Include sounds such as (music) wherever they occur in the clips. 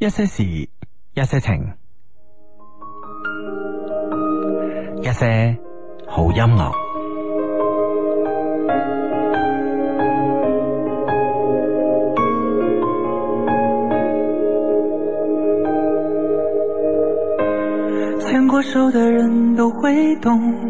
一些事，一些情，一些好音樂，牽過手的人都會懂。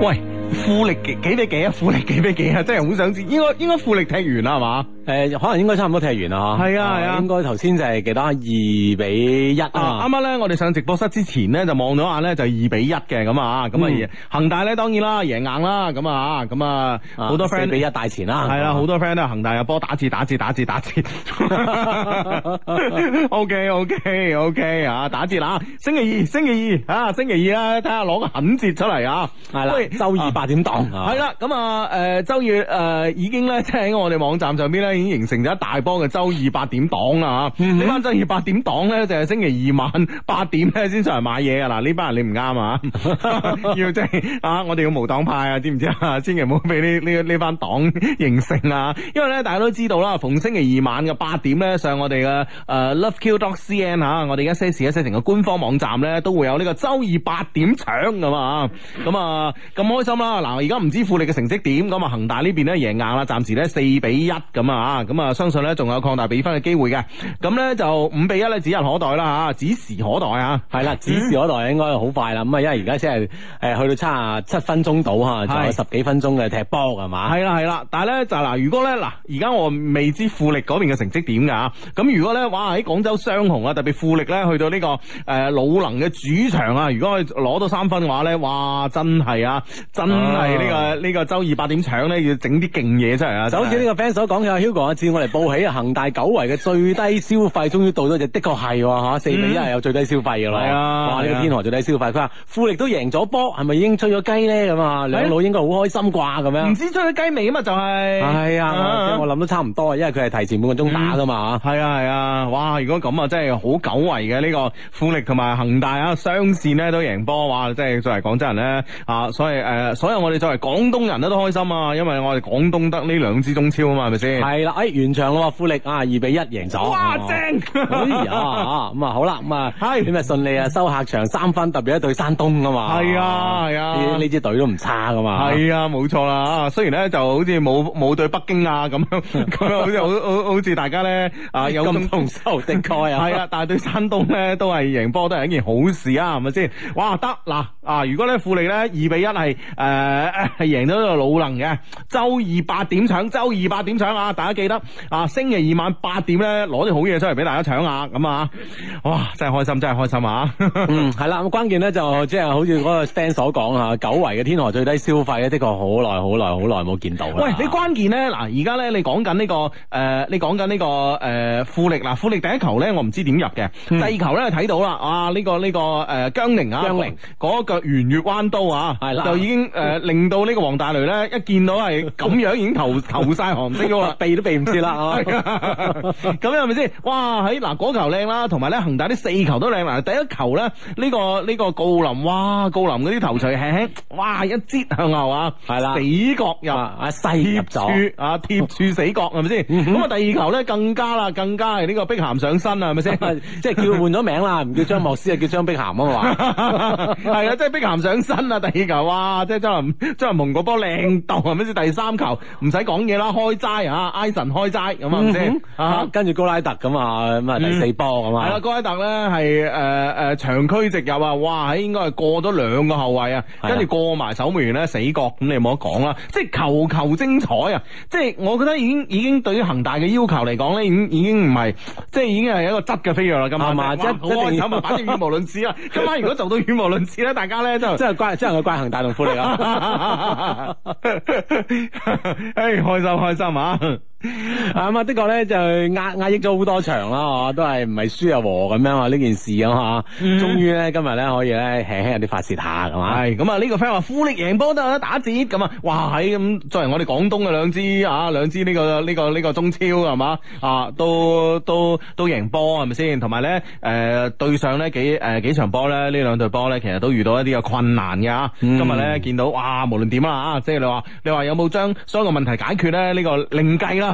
喂，富力幾幾比幾啊？富力幾比幾啊？真係好想知，應該應該富力踢完啦，係嘛？誒，可能應該差唔多踢完啦嗬，係啊，係啊，應該頭先就係記得二比一啊！啱啱咧，我哋上直播室之前咧，就望咗眼咧，就二比一嘅咁啊，咁啊，恆大咧當然啦，贏硬啦，咁啊，咁啊，好多 friend 四比一大錢啦，係啦，好多 friend 咧，恆大有波打字打字打字打字，ok ok ok 啊，打字啦，星期二星期二啊，星期二咧，睇下攞個狠字出嚟啊，係啦，週二八點檔，係啦，咁啊，誒週月誒已經咧，即係喺我哋網站上邊咧。已經形成咗一大波嘅周二八點黨啦，吓，呢班周二八點黨咧，就係星期二晚八點咧先上嚟買嘢噶啦。呢班人你唔啱啊，要即係啊，我哋要無黨派啊，知唔知啊？千祈唔好俾呢呢呢班黨形成啊！因為咧，大家都知道啦，逢星期二晚嘅八點咧，上我哋嘅誒 LoveQ dot CN 吓，我哋而家一些事一些情嘅官方網站咧，都會有呢個周二八點搶咁啊！咁啊咁開心啦！嗱，而家唔知富力嘅成績點咁啊？恒大呢邊咧贏硬啦，暫時咧四比一咁啊！啊，咁啊，相信咧仲有擴大比分嘅機會嘅，咁咧就五比一咧指日可待啦吓，指時可待啊，係啦，指時可待應該好快啦，咁啊，因為而家先係誒去到差啊七分鐘到吓，仲有十幾分鐘嘅踢波係嘛，係啦係啦，但係咧就嗱，如果咧嗱，而家我未知富力嗰邊嘅成績點嘅吓，咁如果咧哇喺廣州雙雄啊，特別富力咧去到呢個誒魯能嘅主場啊，如果攞到三分嘅話咧，哇真係啊，真係呢個呢個周二八點搶咧要整啲勁嘢出嚟啊，就好似呢個 fans 所講嘅。講一次，我哋報喜啊。恒大久違嘅最低消費終於到咗，就的確係嚇四比一有最低消費嘅啦。啊、哇！呢、啊、個天河最低消費，佢話富力都贏咗波，係咪已經吹咗雞咧？咁啊，兩老應該好開心啩？咁樣唔知吹咗雞未啊？吧嘛就係、是。係、哎、呀啊，啊我我諗都差唔多啊，因為佢係提前半個鐘打㗎嘛嚇。係、嗯、啊係啊，啊！哇！如果咁啊，真係好久違嘅呢、這個富力同埋恒大啊雙線呢都贏波，哇！即、就、係、是、作為廣州人咧啊，所以誒、啊，所有、啊啊、我哋作為廣東人咧都開心啊，因為我哋廣東得呢兩支中超是是啊嘛，係咪先？啦！原、哎、完場咯，富力啊，二比一贏咗。哇！正，啊，咁哇啊，正哎、好啦，咁啊，中文你咪順利啊，收客場三分，特別一對山東啊嘛。係啊，係啊，呢唉支隊都唔差噶嘛。係啊，冇錯啦。雖然咧就好似冇冇對北京啊咁樣，咁樣 (laughs) (laughs) 好似好好好似大家咧啊 (laughs) 有咁同仇。的確啊，係啊，但係對山東咧都係贏波都係一件好事啊，係咪先？哇！得嗱啊，如果咧富力咧二比一係誒係贏咗個魯能嘅，周二八點搶，周二八點搶啊，大家。記得啊，星期二晚八點咧，攞啲好嘢出嚟俾大家搶啊！咁啊，哇，真係開心，真係開心啊！ (laughs) 嗯，係啦，咁關鍵咧就即係好似嗰個 Stan 所講啊，久違嘅天河最低消費咧，的確好耐、好耐、好耐冇見到啦。喂，你關鍵咧嗱，而家咧你講緊呢個誒，你講緊呢個誒、呃這個呃、富力嗱，富力第一球咧我唔知點入嘅，嗯、第二球咧睇到啦啊，呢、這個呢、這個誒、呃、姜寧啊，姜寧嗰腳圓月彎刀啊，的就已經誒、呃、 (laughs) 令到呢個王大雷咧一見到係咁樣 (laughs) (laughs) 已經頭頭晒汗色㗎啦，未唔知啦，咁係咪先？哇！喺嗱，嗰球靚啦，同埋咧恒大啲四球都靚埋。第一球咧，呢個呢個郜林哇，郜林嗰啲頭鎚輕輕，哇一摺向後啊，係啦死角入啊，貼住啊，貼住死角係咪先？咁啊，第二球咧更加啦，更加係呢個碧咸上身啦，係咪先？即係叫佢換咗名啦，唔叫張莫斯啊，叫張碧咸啊嘛，係啊，即係碧咸上身啊。第二球哇，即係張林張鵬嗰波靚到係咪先？第三球唔使講嘢啦，開齋啊！拉神開齋咁啊，唔知跟住高拉特咁啊，咁啊第四波咁啊，係啦，高拉特咧係誒誒長驅直入啊，哇，喺應該係過咗兩個後衛啊，跟住過埋守門員咧死角，咁你冇得講啦，即係球球精彩啊，即係我覺得已經已經對於恒大嘅要求嚟講咧，已經已經唔係，即係已經係一個質嘅飛躍啦，今日係嘛？好開心啊，反正語無倫次啊，今晚如果做到語無倫次咧，大家咧都即係關繫個怪恒大同富力啊，誒開心開心啊！係 (laughs) 咁 (laughs) 啊！的確咧就壓壓抑咗好多場啦，都係唔係輸啊，和咁樣啊？呢件事啊，嗬，終於咧今日咧可以咧輕輕有啲發泄下，係嘛？係咁啊！呢個 friend 話富力贏波都有得打折，咁啊，哇咁！作為我哋廣東嘅兩支啊，兩支呢個呢個呢個中超係嘛啊，都都都贏波係咪先？同埋咧誒對上呢幾誒、呃、幾場波咧呢兩隊波咧，其實都遇到一啲嘅困難嘅啊！Mm. 今日咧見到哇，無論點啊，啊，即係你話你話有冇將所有嘅問題解決咧？呢個另計啦。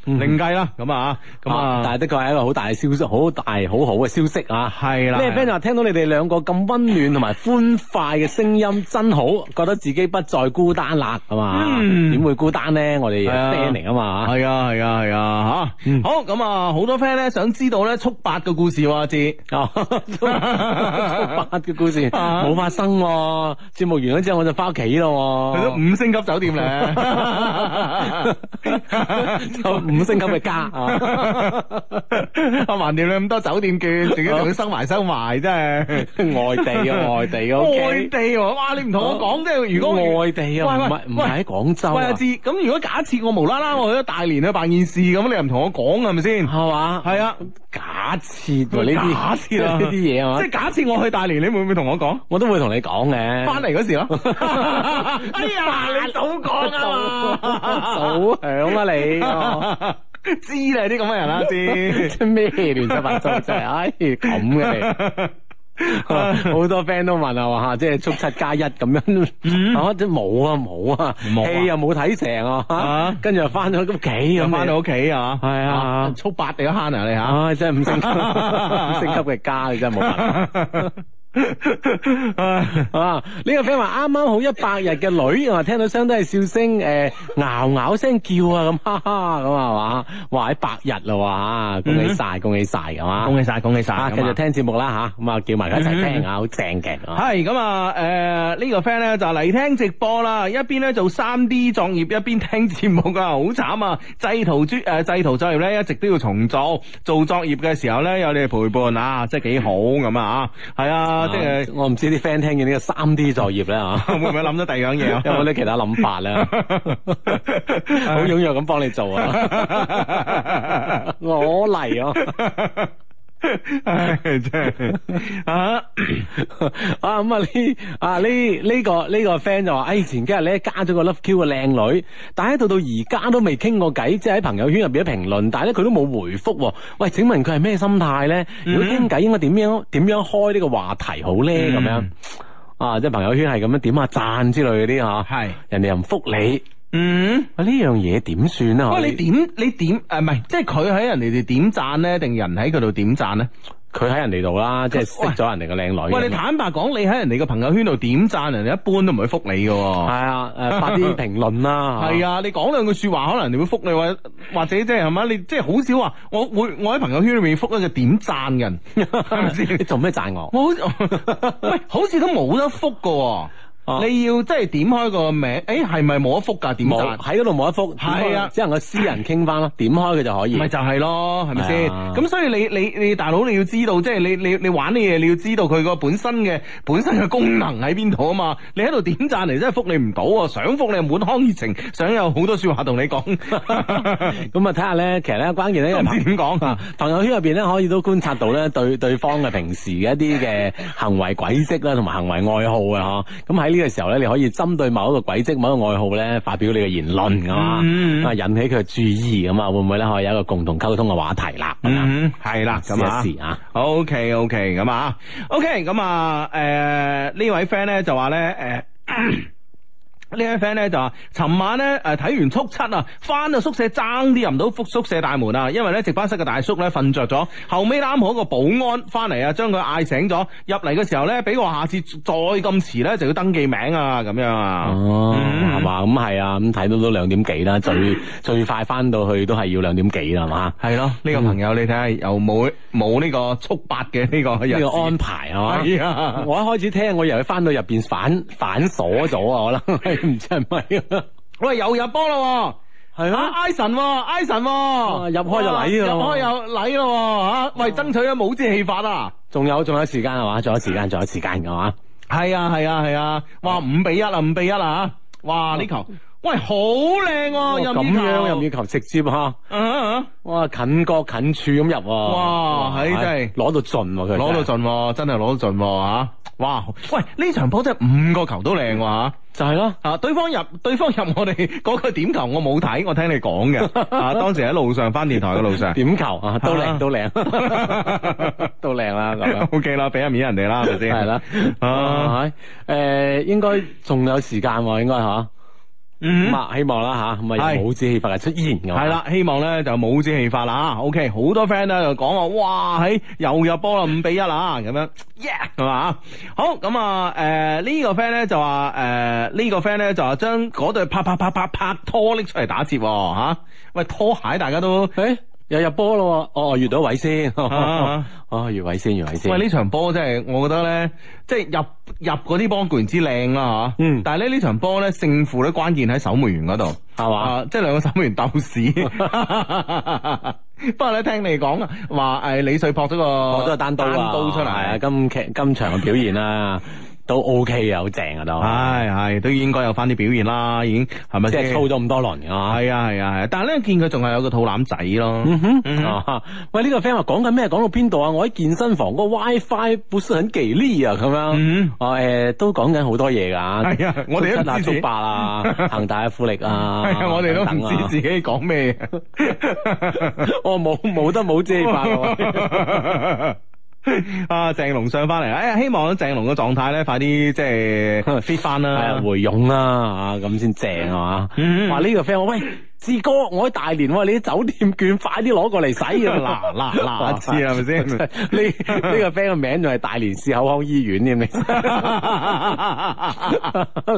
嗯、另計啦，咁啊吓，咁啊，啊，但係的確係一個好大嘅消息，好大，好好嘅消息啊！係啦的，有啲的聽到你哋兩個咁溫暖同埋歡快嘅聲音，真好，覺得自己不再孤單啦，係嘛、嗯？點會孤單呢？我哋 friend 嚟啊嘛，係啊，係、嗯、啊，係啊，吓！好咁啊，好多 friend 咧，想知道咧，速八嘅故事喎，子哦，速八嘅故事冇、啊、發生、啊，節目完咗之後我就翻屋企咯，去咗五星級酒店咧。 (laughs) (laughs) 五星級嘅家，啊！阿萬條你咁多酒店券，自己仲要收埋收埋，真係外地啊！外地啊！外地喎！哇！你唔同我講，即係如果外地啊，唔係唔係喺廣州喂，阿智？咁如果假設我無啦啦我去咗大連去辦件事咁，你又唔同我講係咪先？係嘛？係啊！假設呢假設呢啲嘢啊。嘛？即係假設我去大連，你會唔會同我講？我都會同你講嘅，翻嚟嗰時咯。哎呀！你早講啊嘛，早響啊你。知你啲咁嘅人啦，知咩亂七八糟，真係，哎咁嘅，好多 friend 都問啊，話即係速七加一咁樣，啊，即冇啊，冇啊，戲又冇睇成啊，跟住又翻咗屋企，咁翻到屋企啊，係啊，速八定都慳啊，你吓，唉，真係五星級，五星級嘅加，你真係冇辦法。啊呢、呢個 friend 話啱啱好一百日嘅女，話聽到聲都係笑聲，誒、呃，嗷嗷聲叫啊咁、啊，哈哈咁係嘛，話喺百日啦，哇！恭喜晒，恭喜晒，係嘛？恭喜晒，恭喜晒，繼續聽節目啦，吓咁啊， (laughs) 啊嗯、 (laughs) 叫埋佢一齊聽啊，好正嘅。係咁啊，誒，呢個 friend 咧就嚟聽直播啦，一邊咧做三 D 作業，一邊聽節目噶，好慘啊！製圖專誒、啊啊，製圖作業咧一直都要重做，做作業嘅時候咧有你哋陪伴啊，真係幾好咁啊，係、就是、啊。啊即係、啊就是啊，我唔知啲 friend 聽見呢個三 D 作業咧嚇， (laughs) 會唔會諗到第二樣嘢？ (laughs) 有冇啲其他諗法咧？好踴躍咁幫你做啊！ (laughs) 我嚟來啊。 (laughs) (laughs) 唉、 (laughs) 哎，真係啊 (coughs) (coughs) 啊咁、嗯、 (coughs) 啊呢啊呢呢個呢、呢個 friend 就話，哎前幾日咧加咗個 love Q 嘅靚女，但係到到而家都未傾過偈，即係喺朋友圈入邊評論，但係咧佢都冇回覆、啊。喂，請問佢係咩心態咧？如果傾偈，應該點樣點樣開呢個話題好咧？咁樣、嗯、啊，即係朋友圈係咁樣點下讚之類嗰啲吓，係、啊、是人哋又唔覆你。嗯，啊呢樣嘢點算啊？喂，你點你點誒？唔、啊、係，即係佢喺人哋哋點讚咧，定人喺佢度點讚咧？佢喺人哋度啦，即係喂識咗人哋個靚女。喂，你坦白講，你喺人哋個朋友圈度點讚，人哋一般都唔會復你噶。係啊，誒、啊，發啲評論啦。係 (laughs) 啊，你講兩句說話，可能人哋會復你，或者即係係嘛？你即係好少話，我會我喺朋友圈裏面復一個點讚嘅人，唔知 (laughs) 你做咩讚我？我好似喂，好似都冇得復噶、啊。Oh. 你要即係點開個名，誒係咪冇一復噶？點讚喺嗰度冇一復，係啊點啊，只能夠私人傾翻咯。點開嘅就可以，咪就係咯，係咪先？咁、哎、呀所以你你你大佬你要知道，即係你你你玩啲嘢，你要知道佢個本身嘅本身嘅功能喺邊度啊嘛。你喺度點讚嚟，真係復你唔到，啊。想復你滿腔熱情，想有好多話說話同你講。咁啊睇下咧，其實咧關鍵咧唔知點講啊。 (laughs) 朋友圈入邊咧可以都觀察到咧對對方嘅平時嘅一啲嘅行為軌跡啦，同埋行為愛好啊。咁喺呢個時候咧，你可以針對某一個軌跡、某一個愛好咧，發表你嘅言論，係嘛、嗯啊，引起佢嘅注意，咁啊，會唔會咧可以有一個共同溝通嘅話題啦？係啦，咁啊，OK OK，咁啊，OK，咁啊，誒、okay, 啊，呢、呃、呢位 friend 呢就話呢。誒、呃。 (coughs) 呢位 friend 咧就話，尋晚咧誒睇完速七啊，翻到宿舍爭啲入唔到宿宿舍大門啊，因為咧值班室嘅大叔咧瞓着咗，後尾啱好個保安翻嚟啊，將佢嗌醒咗。入嚟嘅時候咧，俾我下次再咁遲咧就要登記名啊，咁樣 (laughs) 啊。哦、嗯，係嘛？咁係啊，咁睇到都兩點幾啦，最最快翻到去都係要兩點幾啦，係嘛？係咯，呢個朋友你睇下又冇冇呢個速八嘅呢個安排係、啊、嘛？啊、 (laughs) 我一開始聽我以為翻到入邊反反鎖咗啊，我諗。唔知係咪啊？喂又入波啦，係嗎？埃神，埃神，入開就嚟咯，入開又嚟咯，吓！喂爭取咗冇之氣法啦。仲有仲有時間係嘛？仲有時間，仲有時間嘅嘛？係啊係啊係啊！哇五比一啊五比一啊吓！哇呢球喂好靚，入又咁樣，任意球直接吓，哇近角近柱咁入。哇！係真係攞到盡，攞到盡，真係攞到盡吓！哇！喂呢場波真係五個球都靚吓。就係咯，啊！對方入，對方入我哋嗰個點球我冇睇，我聽你講嘅， (laughs) 啊！當時喺路上翻電台嘅路上，路上點球啊，都靚都靚，都靚啦咁。O K 啦，俾、okay、一面人哋啦，係咪先？係啦、 (laughs) 啊啊，啊，誒，應該仲有時間喎，應該吓。咁、嗯、啊，希望啦吓，咁啊，有舞姿啟發嘅出現咁。係啦，希望咧就舞姿啟發啦吓。OK，好多 friend 咧就講話，哇，喺又入波啦，五比一啊，咁樣耶，e a 係嘛？好，咁啊，誒、呃，這個、呢就、呃這個 friend 咧就話，誒，呢個 friend 咧就話將嗰對啪啪啪啪拍拖拎出嚟打折吓、啊。喂，拖鞋大家都誒、欸。又入波咯哦，越到位先，啊、哦越位先，越位先。喂，呢場波真係，我覺得咧，即、就、係、是、入入嗰啲波固然之靚啦嚇，嗯、但係咧呢場波咧勝負咧關鍵喺守門員嗰度，係嘛吧？即係、啊就是、兩個守門員鬥屎。 (laughs) (laughs) 不過咧，聽你講話誒，李瑞撲咗個撲咗個單刀出嚟，啊，今劇今場嘅表現啊。 (laughs) 都 OK 啊，好正啊都，係係、 (noise) 哎哎、都應該有翻啲表現啦，已經係咪即係操咗咁多輪啊？係啊係啊，啊。但係咧見佢仲係有個肚腩仔咯。哼，喂，呢、這個 friend 話講緊咩？講到邊度啊？我喺健身房嗰個 WiFi 本身很吉利啊，咁樣。嗯，哦誒、啊，都講緊好多嘢噶。係啊，我哋都知足百啊，恒 (laughs) 大嘅富力啊， (laughs) 我哋都唔知自己講咩、啊。 (laughs) (laughs) 我冇冇得冇遮白。 (laughs) (laughs) 啊，鄭龍上翻嚟，哎呀希望鄭龍嘅狀態咧，快啲即係 fit 翻啦，回勇啦吓，咁先、 (laughs) (laughs) 啊、正係、啊、嘛。話呢、嗯這個 friend 我喂。志哥，我喺大連喎，你啲酒店券快啲攞過嚟使啊！嗱嗱嗱，知係咪先？呢呢、這個 friend 嘅名就係大連市口腔醫院嘅咩？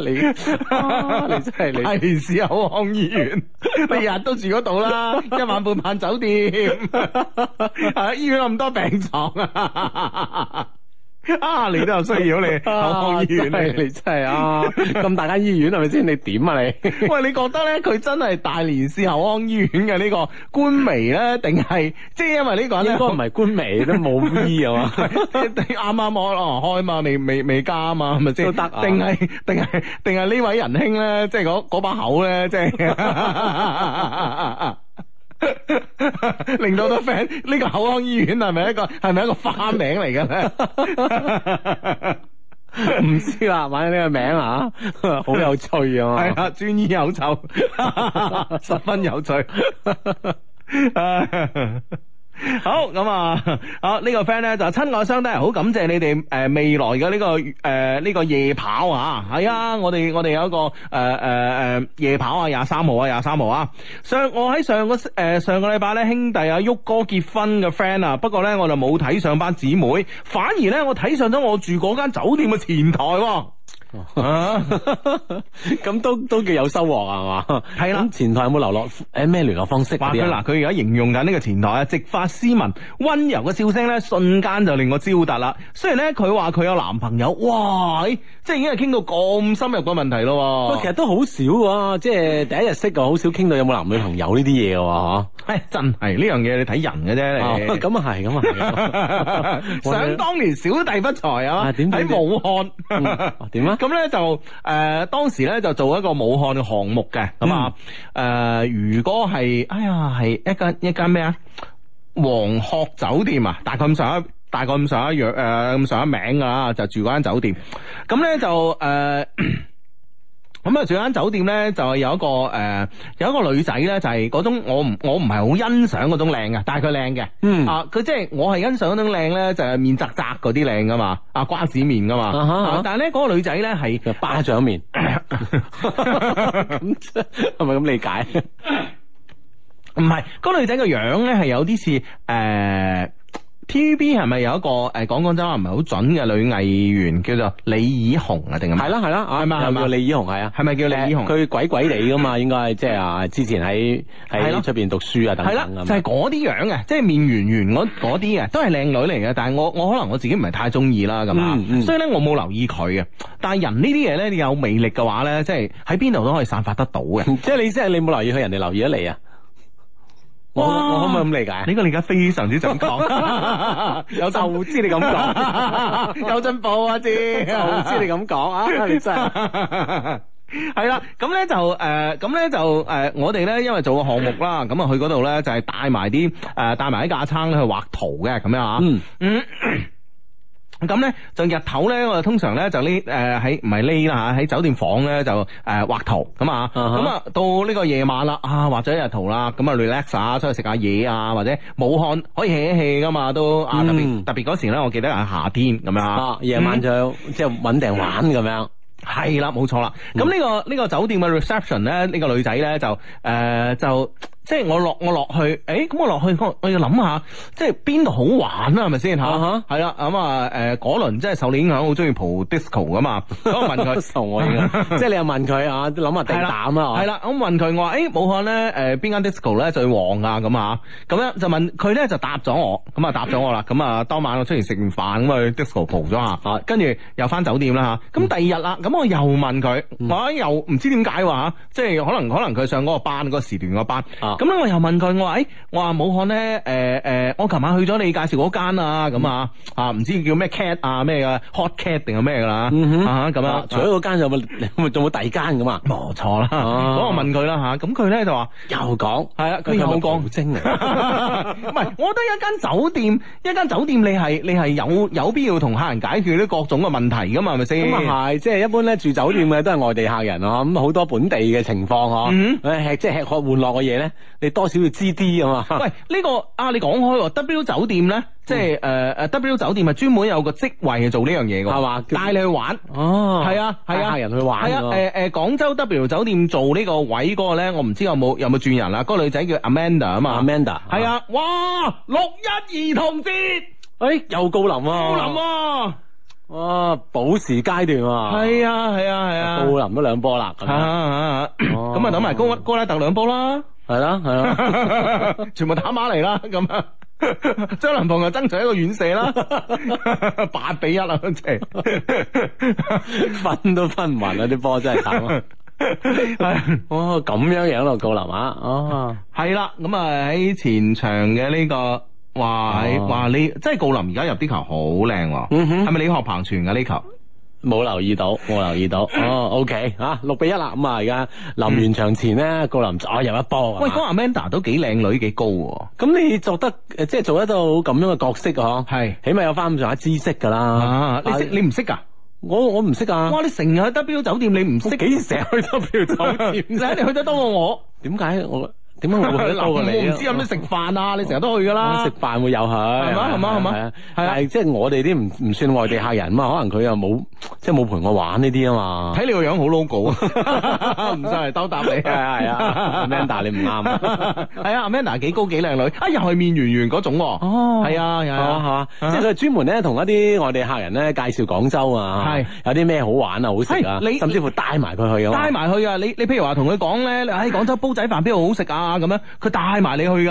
你你真係你大連市口腔醫院， (laughs) (laughs) (laughs) 你日都住嗰度啦，一晚半晚酒店，笑 (laughs) (laughs) 醫院有咁多病床啊！啊！你都有需要你口腔醫院，你、啊、你真係啊！咁大間醫院係咪先？你點啊你？ (laughs) 喂，你覺得咧，佢真係大連市口腔醫院嘅呢、這個官微咧，定係即係因為呢個人個應該唔係官微，都冇 (laughs) V 啊嘛，啱啱開嘛，未未未加嘛，咪即係定係定係定係呢位仁兄咧，即係嗰把口咧，即係。 (laughs) (laughs) 令到好多 friend 呢個口腔醫院係咪一個係咪一個花名嚟嘅咧？唔知啦，反正呢個名啊，好有趣啊，係啊，專醫又臭，十分有趣。好咁啊，啊、這個、呢個 friend 咧就親愛相弟，好感謝你哋誒、呃、未來嘅呢、這個誒呢、呃這個夜跑啊！係啊，我哋我哋有一個誒誒誒夜跑啊，廿三號啊廿三號啊！上我喺上個誒、呃、上個禮拜咧，兄弟啊，旭哥結婚嘅 friend 啊，不過咧我就冇睇上班姊妹，反而咧我睇上咗我住嗰間酒店嘅前台啊。咁 (laughs) 都都幾有收穫係嘛？係啦，的前台有冇留落誒咩聯絡方式嗰啲？嗱他，佢而家形容緊呢個前台啊，直髮斯文、溫柔嘅笑聲咧，瞬間就令我招達啦。雖然咧，佢話佢有男朋友，哇，即係已經係傾到咁深入嘅問題咯。喂，其實都好少嘅，即係第一日識啊，好少傾到有冇男女朋友呢啲嘢嘅真係呢、這個哦、樣嘢你睇人嘅啫。咁啊係，咁啊係。想當年小弟不才啊，喺武漢點、嗯、啊？ (laughs) 啊咁咧就誒、呃，當時咧就做一個武漢項目嘅咁啊誒，如果係，哎呀係一間一間咩啊黃鶴酒店啊，大概咁上下，大概咁上一樣，誒，咁上一名㗎啦、啊，就住嗰間酒店。咁咧就誒。呃 (coughs) 咁啊，上間酒店咧就係有一個誒、呃，有一個女仔咧、嗯啊，就係、係、嗰種我唔我唔係好欣賞嗰種靚嘅，但係佢靚嘅。嗯。啊，佢即係我係欣賞嗰種靚咧，就係面窄窄嗰啲靚噶嘛，啊瓜子面噶嘛。啊啊啊、但係咧嗰個女仔咧係巴掌面，咁係咪咁理解？唔係， (laughs) 嗰、嗰個、女仔嘅樣咧係有啲似誒。呃 TVB 係咪有一個誒，講講真話唔係好準嘅女藝員叫做李綺虹啊，定係咩？係啦係啦，係咪係咪叫李綺虹？係啊，係咪叫李綺虹？佢鬼鬼哋噶嘛，應該即係啊,之前喺喺出邊讀書啊等等咁。係啦,就係嗰啲樣嘅，即係面圓圓嗰啲嘅，都係靚女嚟嘅。但係我我可能我自己唔係太中意啦，咁啊，所以咧我冇留意佢嘅。但係人呢啲嘢咧，你有魅力嘅話咧，即係喺邊度都可以散發得到嘅。即係你即係你冇留意，佢人哋留意咗你啊。我我可唔可以咁理解？呢、這個你而家非常之準確，有投資你咁講，有進步我知，投資你咁講啊，真係。係啦， (laughs) 咁咧就誒，咁咧就誒，我哋咧因為做個項目啦，咁啊去嗰度咧就係帶埋啲誒，帶埋啲架撐去畫圖嘅，咁樣啊。 (noise) (noise) 咁咧就日頭咧，我哋通常咧就呢誒喺唔係呢啦吓，喺、呃啊、酒店房咧就誒畫、呃、圖咁啊，咁啊到呢個夜晚啦啊畫咗一日圖啦，咁啊 relax 啊，出去食下嘢啊，或者武漢可以 hea 一 hea 噶嘛都啊特別、嗯、特別嗰時咧，我記得係夏天咁樣，夜、啊、晚就、嗯、即係搵定玩咁樣、嗯，係啦冇錯啦。咁呢、嗯這個呢、這個酒店嘅 reception 咧，呢、這個女仔咧就誒就。呃就呃就即係我落我落去，誒，咁我落去我要諗下，即係邊度好玩，uh huh。啊？係咪先吓？係啦，咁、呃、啊，誒、呃，嗰輪即係受你影響，好中意蒲 disco 噶嘛？我問佢，即係你又問佢啊，諗下地膽啊。係啦，咁問佢我話，誒，武漢咧，誒、呃，邊間 disco 咧最旺啊？咁啊，咁樣就問佢咧，就答咗我，咁 (laughs) 啊答咗我啦。咁啊當晚我出嚟食完飯，咁去 disco 蒲咗下，跟住 (laughs) 又翻酒店啦吓。咁、啊、第二日啦，咁我又問佢，我、啊、又唔知點解話、啊，即係可能可能佢上嗰個班嗰時段個班。 (laughs) 咁咧，我又問佢、欸呃，我話，誒，我話武漢咧，誒誒，我琴晚去咗你介紹嗰間啊，咁啊，啊，唔知叫咩 cat 啊，咩啊 hot cat 定係咩㗎啦？咁啊，啊啊啊啊除咗嗰間有冇，咪仲有第二間㗎嘛？冇錯啦，咁我問佢啦嚇，咁佢咧就話又講，係、嗯呃、啊，佢又冇講精嚟。唔係， (music) (laughs) 我覺得一間酒店，一間酒店你係你係有有必要同客人解決呢各種嘅問題㗎嘛？係咪先？係，即係一般咧住酒店嘅都係外地客人啊，咁好多本地嘅情況呵，即係吃喝玩樂嘅嘢咧。 (music) (music) (music) 你多少要知啲啊嘛？喂，呢個啊，你講開 W 酒店咧，即係誒誒，W 酒店係專門有個職位去做呢樣嘢嘅，係嘛？帶你去玩哦，係啊係啊，帶人去玩，誒誒，廣州 W 酒店做呢個位嗰個咧，我唔知有冇有冇轉人啦。嗰個女仔叫 Amanda 啊嘛，Amanda 係啊，哇，六一兒童節，誒，又高林喎，高林喎，哇，保時階段喎，係啊係啊係啊，高林都兩波啦，咁啊，咁啊，等埋高高拉特兩波啦。係啦，係啦， (laughs) 全部打馬嚟啦，咁張琳芃又爭取一個遠射啦，八 (laughs) (laughs) 比一啊，即 (laughs) 係 (laughs) 分都分唔勻啊，啲波真係慘啊！哦， (laughs) 咁樣樣咯，郜林啊，哦，係啦， (laughs) 咁啊喺前場嘅呢，這個話，話哇你即係郜林而家入啲球好靚，係咪，嗯，哼李學鵬傳噶呢球？冇留意到，冇留意到。哦，OK，吓，六比一啦。咁啊，而家臨完場前咧，個林哦入一波。喂，嗰個 Manda 都幾靚女，幾高喎。咁你做得誒，即係做得到咁樣嘅角色呵？係，起碼有翻咁上下知識㗎啦。你識？你唔識啊？我我唔識啊。哇！你成日去 W 酒店，你唔識幾時成日去 W 酒店。你去得多過我。點解？我。點解會去多過你？我唔知有冇食飯啊！你成日都去噶啦。食飯喎又係。係嘛係嘛係嘛。係啊，即係我哋啲唔唔算外地客人嘛，可能佢又冇即係冇陪我玩呢啲啊嘛。睇你個樣好 logo，唔使嚟兜搭你係啊！Amanda 你唔啱啊！係啊，Amanda 幾高幾靚女，啊又係面圓圓嗰種。哦，係啊係啊係啊，即係佢專門咧同一啲外地客人咧介紹廣州啊，係有啲咩好玩啊、好食啊，你甚至乎帶埋佢去啊。帶埋去啊！你你譬如話同佢講咧，喺廣州煲仔飯邊度好食啊？咁樣，佢帶埋你去噶，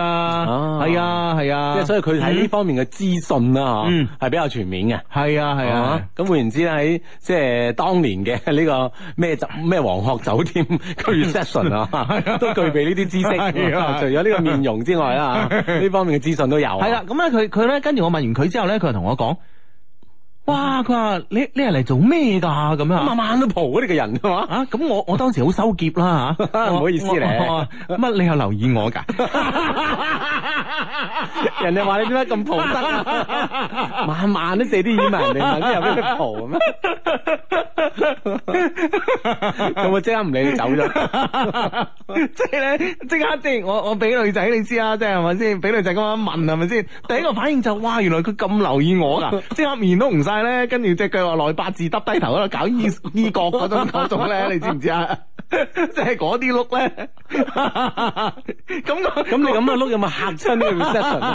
係啊係啊，即係所以佢喺呢方面嘅資訊啊，嚇，係比較全面嘅。係啊係啊，咁換言之喺即係當年嘅呢個咩咩黃鶴酒店 conference 啊，都具備呢啲知識，除咗呢個面容之外啦，呢方面嘅資訊都有。係啦，咁咧佢佢咧跟住我問完佢之後咧，佢就同我講。哇！佢話你你係嚟做咩噶咁樣？晚晚都蒲啊！你個人係嘛？啊！咁我我當時好羞澀啦吓，唔好意思你。乜你又留意我噶？人哋話你點解咁蒲得？晚晚都射啲耳聞嚟問，有咩蒲咁啊？咁我即刻唔理你走咗。即係咧，即刻即係我我俾女仔你知啊，即係係咪先？俾女仔咁樣問係咪先？第一個反應就哇，原來佢咁留意我噶，即刻面都紅晒。但係咧，跟住隻腳內八字耷低頭喺度搞醫醫角嗰種嗰種咧，你知唔知啊？即係嗰啲碌咧，咁 (laughs) 咁、那個、 (laughs) 你咁嘅碌有冇嚇親啲 reception，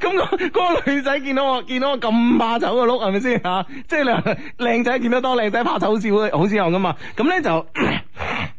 咁我嗰個女仔見到我，見到我咁 (laughs) 怕醜嘅碌係咪先嚇？即係靚仔見得多靚仔怕醜笑好笑嘅嘛。咁咧就。嗯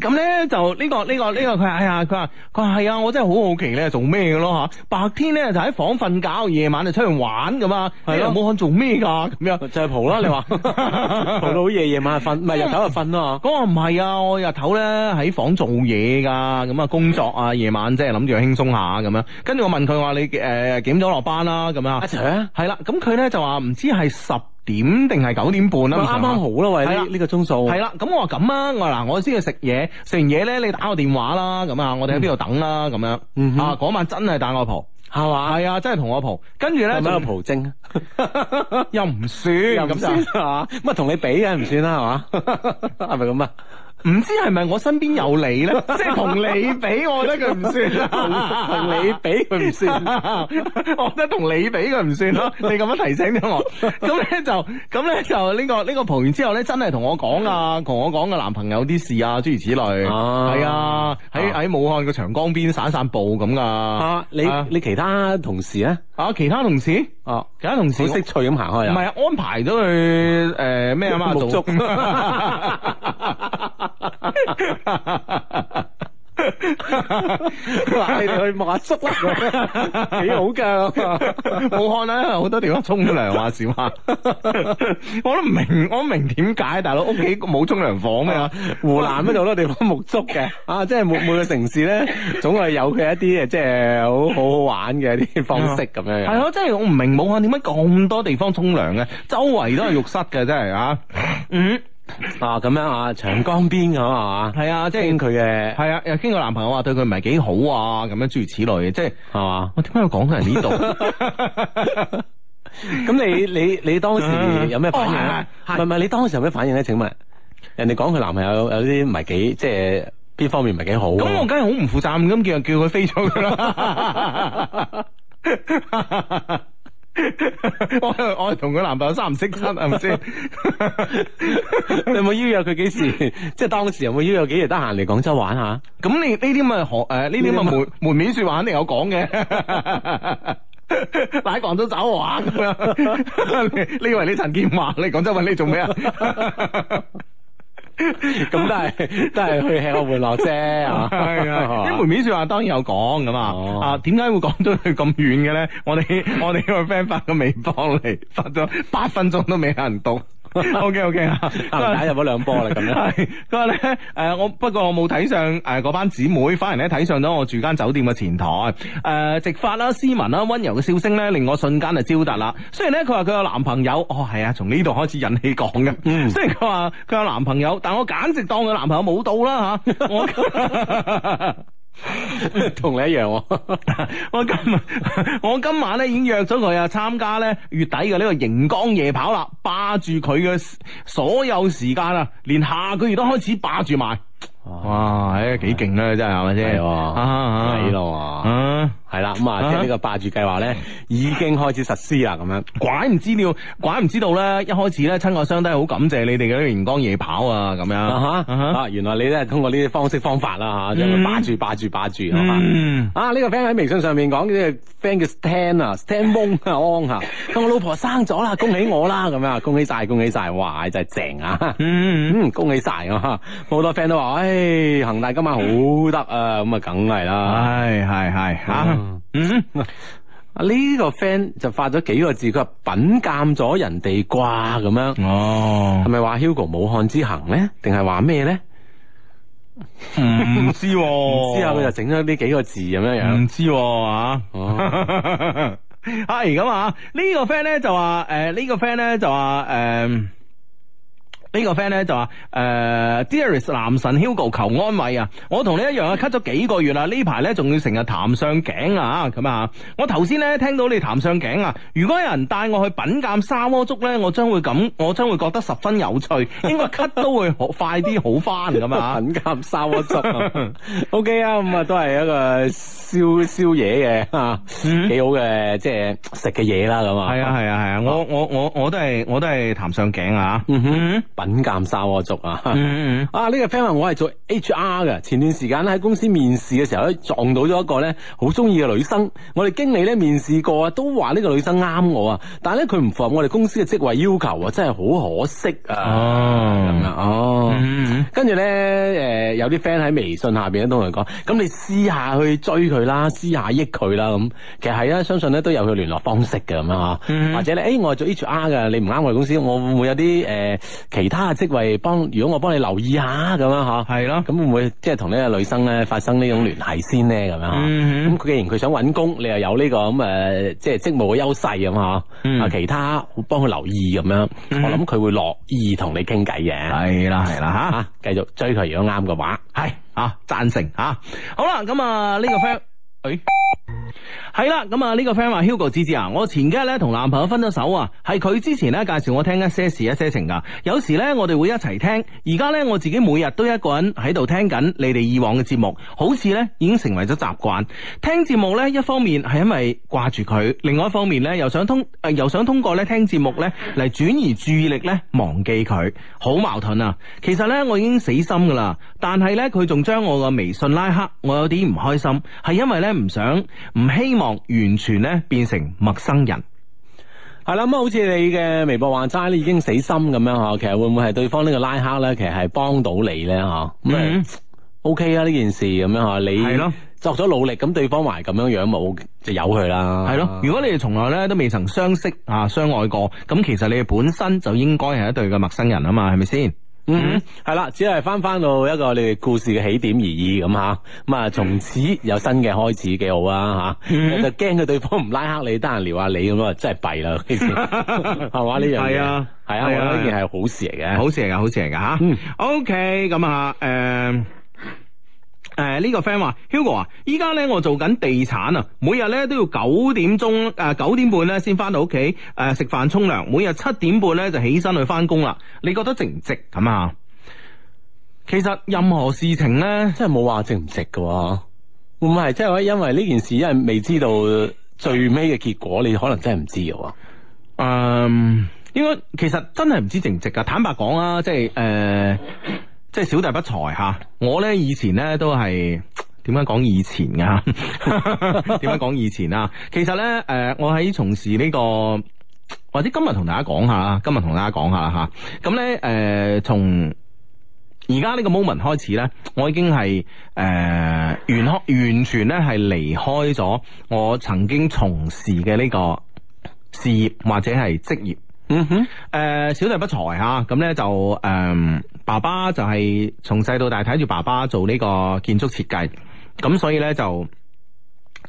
咁咧就呢、呢個呢、呢個呢、呢個佢啊，哎呀佢話佢係啊，我真係好好奇你係做咩嘅咯嚇。白天咧就喺房瞓覺，夜晚就出去玩咁啊，係啊的、哎，武漢做咩㗎咁樣？就係蒲啦，你話蒲 (laughs) 到好夜夜晚瞓，唔係日頭就瞓啊。講話唔係啊，我日頭咧喺房做嘢㗎，咁啊工作啊，夜晚即係諗住去輕鬆下咁樣。跟住我問佢話你誒幾點鐘落班啦、啊、咁樣。阿、啊、Sir，係啦，咁佢咧就話唔知係十點定係九點半啦？啱啱好啦，喂，呢呢了個鐘數。係啦，咁我話咁啊，我嗱，我先去食嘢，食完嘢咧，你打個電話啦，咁啊，我哋喺邊度等啦，咁樣、嗯、哼啊，嗰晚真係打我蒲，係嘛？係啊，真係同我蒲，跟住咧做蒲精，是是 (laughs) 又唔算，又咁就，咁啊同你比嘅唔算啦，係嘛？ (laughs) (laughs) 係咪咁啊？唔知係咪我身邊有你咧？ (laughs) 即係同你比，我覺得佢唔算同 (laughs) 你比佢唔算， (laughs) 我覺得同你比佢唔算咯。你咁樣提醒咗我，咁 (laughs) 咧 (laughs) 就咁咧就呢、呢個呢、呢個蒲完之後咧，真係同我講啊，同我講個男朋友啲事啊，諸如此類。係啊，喺喺、啊、武漢嘅長江邊散散步咁噶。啊，你啊你其他同事咧？啊，其他同事？啊，其他同事。好識趣咁行開啊！唔係、啊、安排咗去誒咩啊嘛？呃、木竹下。 (laughs) (laughs) 話 (laughs) 你去沐足啦，幾好噶！武漢啊，好多地方沖涼，話事話。我都唔明，我都唔明點解大佬屋企冇沖涼房咩？啊、湖南嗰度好多地方沐足嘅。啊，啊即係每每個城市咧，總係有佢一啲嘅，即係好好好玩嘅啲方式咁樣。係咯，即係我唔明武漢點解咁多地方沖涼嘅，周圍都係浴室嘅，真係啊。嗯。嗯嗯啊，咁樣啊，長江邊咁啊，係啊，即係佢嘅。係啊，又經過男朋友話對佢唔係幾好啊，咁樣諸如此類，即係係嘛，我點解要講佢嚟呢度？咁 (laughs) (laughs) 你你你當時有咩反應咧？唔係唔係，你當時有咩反應咧？請問人哋講佢男朋友有啲唔係幾，即係邊方面唔係幾好，咁我梗係好唔負責任咁叫人叫佢飛咗佢啦。 (laughs) (laughs) 我我同佢男朋友三唔識七係咪先？ (laughs) (laughs) 你有冇邀約佢幾時？ (laughs) 即係當時有冇邀約幾日得閒嚟廣州玩下？咁 (laughs) 你呢啲咪可誒？呢啲咪門門面說話，肯定有講嘅。嚟廣州走玩咁樣 (laughs) 你？你以為你陳建華嚟廣州揾你做咩啊？ (laughs) 咁 (laughs) 都係 (laughs) 都係去吃喝玩樂啫，啲門面說話當然有講咁、哦、啊，啊點解會講咗去咁遠嘅咧？我哋 (laughs) 我哋呢個 friend 發個微博嚟，發咗八分鐘都未有人到。O K O K 嚇，阿梁 Okay ,、okay, (laughs) 入咗兩波啦，咁樣係佢話咧誒，我、呃、不過我冇睇上誒嗰、呃、班姊妹，反而咧睇上咗我住間酒店嘅前台誒、呃，直髮啦、啊、斯文啦、啊、溫柔嘅笑聲咧，令我瞬間就焦突啦。雖然咧佢話佢有男朋友，哦係啊，從呢度開始引起講嘅，嗯、雖然佢話佢有男朋友，但我簡直當佢男朋友冇到啦嚇、啊，我。 (laughs) (laughs) 同 (laughs) 你一樣、哦 (laughs) 我，我今日我今晚咧已經約咗佢啊參加咧月底嘅呢、呢個熒光夜跑啦，霸住佢嘅所有時間啊，連下個月都開始霸住埋。哇，係啊，幾勁啦，真係係咪先？係咯，係啦，咁啊，即係呢個霸住計劃咧，已經開始實施啦，咁樣。怪唔知了，怪唔知道咧，一開始咧，親愛相都好感謝你哋嘅熒光夜跑啊，咁樣。吓，原來你咧通過呢啲方式方法啦，吓，就去霸住霸住霸住，吓。啊，呢個 friend 喺微信上面講，呢個 friend 叫 Stan 啊，Stan on on 吓，咁我老婆生咗啦，恭喜我啦，咁樣，恭喜晒，恭喜晒，哇，真係正啊！恭喜晒，啊！好多 friend 都話恒、hey，大今晚好得啊，咁 (laughs) (noise) (laughs) 啊梗係啦，係係係吓，嗯，啊呢個 friend 就發咗幾個字，佢話品鑒咗人哋啩」咁、呃、樣，哦，係咪話 Hugo 武漢之行咧？定係話咩咧？唔、嗯、知，唔知啊，佢、 (laughs) 啊、就整咗呢幾個字咁樣樣，唔知啊，哦，係咁啊，呢、這個 friend 咧就話，誒、呃，呢、這個 friend 咧就話，誒、呃。這個呢個 friend 咧就話、呃、誒，Darius 男神 Hugo 求安慰啊！我同你一樣啊，咳咗幾個月啦，呢排咧仲要成日痰上頸啊！咁啊，我頭先咧聽到你痰上頸啊，如果有人帶我去品鑑沙鍋粥咧，我將會咁，我將會覺得十分有趣，應該咳都會快好快啲好返咁、就是、啊！品鑑沙鍋粥，OK 啊，咁啊都係一個宵宵夜嘅，啊，幾好嘅，即係食嘅嘢啦咁啊。係啊係啊係啊，我我我我都係我都係痰上頸啊！嗯哼。揾尷砂鍋粥啊！Mm hmm. 啊，呢、呢個 friend 話我係做 H R 嘅。前段時間咧喺公司面試嘅時候咧撞到咗一個咧好中意嘅女生，我哋經理咧面試過啊，都話呢個女生啱我啊，但係咧佢唔符合我哋公司嘅職位要求啊，真係好可惜啊！Oh. 啊哦，跟住咧誒，有啲 friend 喺微信下邊都同我講，咁、嗯、你私下去追佢啦，私下益佢啦咁，其實係啊，相信咧都有佢聯絡方式嘅咁樣啊，mm hmm. 或者咧誒、哎，我係做 H R 嘅，你唔啱我哋公司，我會唔會有啲誒、呃、其他？啊！職位幫，如果我幫你留意下咁樣嚇，係咯的，咁會唔會即係同呢個女生咧發生呢種聯繫先咧咁樣嚇？咁佢、嗯、哼既然佢想搵工，你又有呢、呢個咁誒、呃，即係職務嘅優勢咁嚇，啊、嗯、其他幫佢留意咁樣，嗯、哼我諗佢會樂意同你傾偈嘅。係啦，係啦嚇，繼續追佢，如果啱嘅話，係嚇、啊、贊成嚇、啊。好啦，咁啊呢個 friend，哎。係啦，咁啊呢個 friend 話 Hugo 芝芝啊，我前幾日咧同男朋友分咗手啊，係佢之前咧介紹我聽一些事一些情噶。有時咧我哋會一齊聽，而家咧我自己每日都一個人喺度聽緊你哋以往嘅節目，好似咧已經成為咗習慣。聽節目咧一方面係因為掛住佢，另外一方面咧又想通，呃，又想通過咧聽節目咧嚟轉移注意力咧忘記佢，好矛盾啊。其實咧我已經死心噶啦，但係咧佢仲將我個微信拉黑，我有啲唔開心，係因為咧唔想唔。唔希望完全咧變成陌生人，係啦，咁好似你嘅微博話齋咧已經死心咁樣嗬，其實會唔會係對方呢個拉黑咧？其實係幫到你咧嗬，咁、嗯、OK 啊呢件事咁樣嗬，你作咗努力，咁的對方還係咁樣樣冇就由佢啦。係咯，如果你哋從來咧都未曾相識啊相愛過，咁其實你哋本身就應該係一對嘅陌生人啊嘛，係咪先？嗯，係啦、mm?，只係翻翻到一個你哋故事嘅起點而已咁吓，咁啊從此有新嘅開始，幾好啊吓，就驚佢對方唔拉黑你，你得閒聊下你咁啊，真係弊啦，係嘛呢樣嘢，係啊，係啊，呢件係好事嚟嘅，好事嚟噶，好事嚟噶吓，OK，咁啊、huh，誒、uh。誒，呢、呃呢個 friend 話，Hugo 啊，依家呢我在做緊地產啊，每日呢都要九點鐘誒、呃、九點半咧先翻到屋企誒食飯沖涼，每日七點半呢就起身去翻工啦。你覺得值唔值咁啊？其實任何事情呢，真係冇話值唔值嘅，會唔會係即係因為呢件事，因為未知道最尾嘅結果，你可能真係唔知嘅。嗯、呃，應該其實真係唔知值唔值啊。坦白講啊，即係誒。呃即係小弟不才吓，我呢，以前呢都係點樣講以前嘅吓，點樣講以前啊？其實呢、這個，誒，我喺從事呢個或者今日同大家講下啦，今日同大家講下啦吓。咁、嗯、呢，誒，從而家呢個 moment 開始呢，我已經係誒完完全呢係離開咗我曾經從事嘅呢個事業或者係職業。Mm hmm. 嗯哼，誒，小弟不才吓，咁、嗯、呢，就誒。呃爸爸就係從細到大睇住爸爸做呢個建築設計，咁所以從、呃、呢，就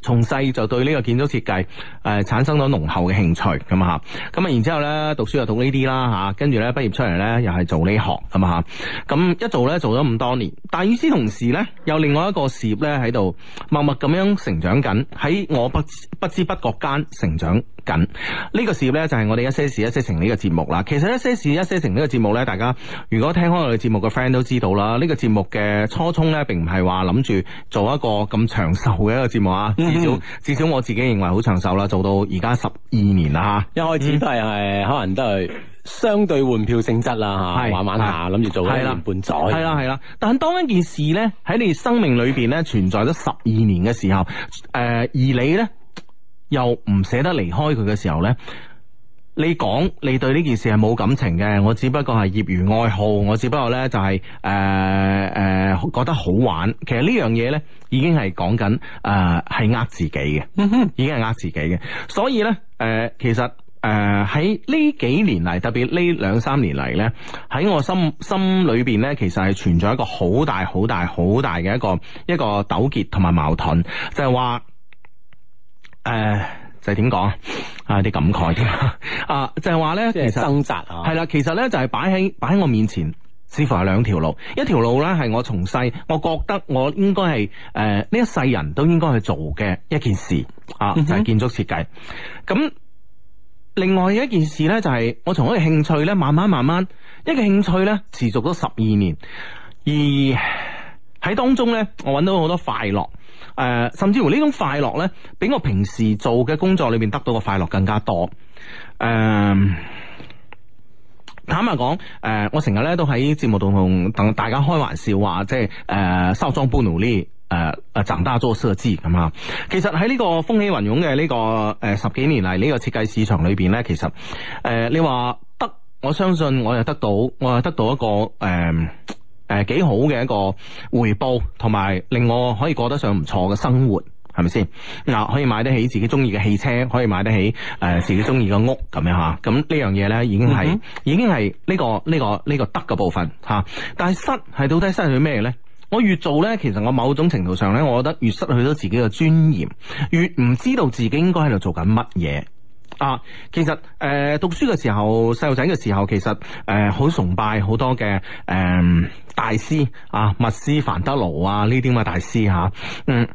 從細就對呢個建築設計誒產生咗濃厚嘅興趣咁啊，咁啊，然之後咧讀書又讀、啊、呢啲啦吓，跟住呢畢業出嚟呢，又係做呢行咁啊，咁一做呢，做咗咁多年，但係與此同時呢，有另外一個事業呢，喺度默默咁樣成長緊喺我不不知不覺間成長緊呢、呢個事業呢，就係我哋一些事一些情呢個節目啦。其實一些事一些情呢、呢個節目呢，大家如果聽開我哋節目嘅 friend 都知道啦。呢個節目嘅初衷呢，並唔係話諗住做一個咁長壽嘅一個節目啊。至少、嗯、至少我自己認為好長壽啦，做到而家十二年啦。一開始都係係可能都係相對換票性質啦吓，慢慢下諗住做一年半載。係啦係啦，但係當一件事呢，喺你生命裏邊呢存在咗十二年嘅時候，誒、呃，而你呢？又唔捨得離開佢嘅時候呢，你講你對呢件事係冇感情嘅，我只不過係業餘愛好，我只不過呢就係誒誒覺得好玩。其實呢樣嘢呢已經係講緊誒係呃自己嘅，已經係呃自己嘅。所以呢，誒其實誒喺呢幾年嚟，特別呢兩三年嚟呢，喺我心心裏邊呢，其實係、呃、存在一個好大好大好大嘅一個一個糾結同埋矛盾，就係、是、話。誒、呃，就係點講啊？啲感慨啊！就係、是、話呢，即係掙扎啊！係啦，其實呢，就係擺喺擺喺我面前，似乎係兩條路。一條路呢，係我從細，我覺得我應該係誒呢一世人都應該去做嘅一件事啊，就係、是、建築設計。咁、嗯、哼另外一件事呢，就係、是、我從一個興趣呢，慢慢慢慢一個興趣呢，持續咗十二年，而喺當中呢，我揾到好多快樂。誒、呃，甚至乎呢種快樂呢，比我平時做嘅工作裏面得到嘅快樂更加多。誒、呃，坦白講，誒、呃，我成日咧都喺節目度同大家開玩笑話，即係誒、呃、收裝不努力，誒誒長大做設計咁啊。其實喺呢個風起雲湧嘅呢個誒十幾年嚟呢個設計市場裏邊呢，其實誒、呃、你話得，我相信我又得到，我又得到一個誒。呃誒，幾好嘅一個回報，同埋令我可以過得上唔錯嘅生活，係咪先？嗱、嗯啊，可以買得起自己中意嘅汽車，可以買得起誒、呃、自己中意嘅屋咁樣吓。咁呢樣嘢呢，已經係、嗯、哼已經係呢、呢個呢、呢個呢、呢個得嘅部分吓、啊。但係失係到底失去咩呢？我越做呢，其實我某種程度上呢，我覺得越失去咗自己嘅尊嚴，越唔知道自己應該喺度做緊乜嘢。啊，其實誒、呃，讀書嘅時候，細路仔嘅時候，其實誒，好、呃、崇拜好多嘅誒、呃、大師啊，密斯凡德勞啊呢啲咁嘅大師吓、啊，嗯，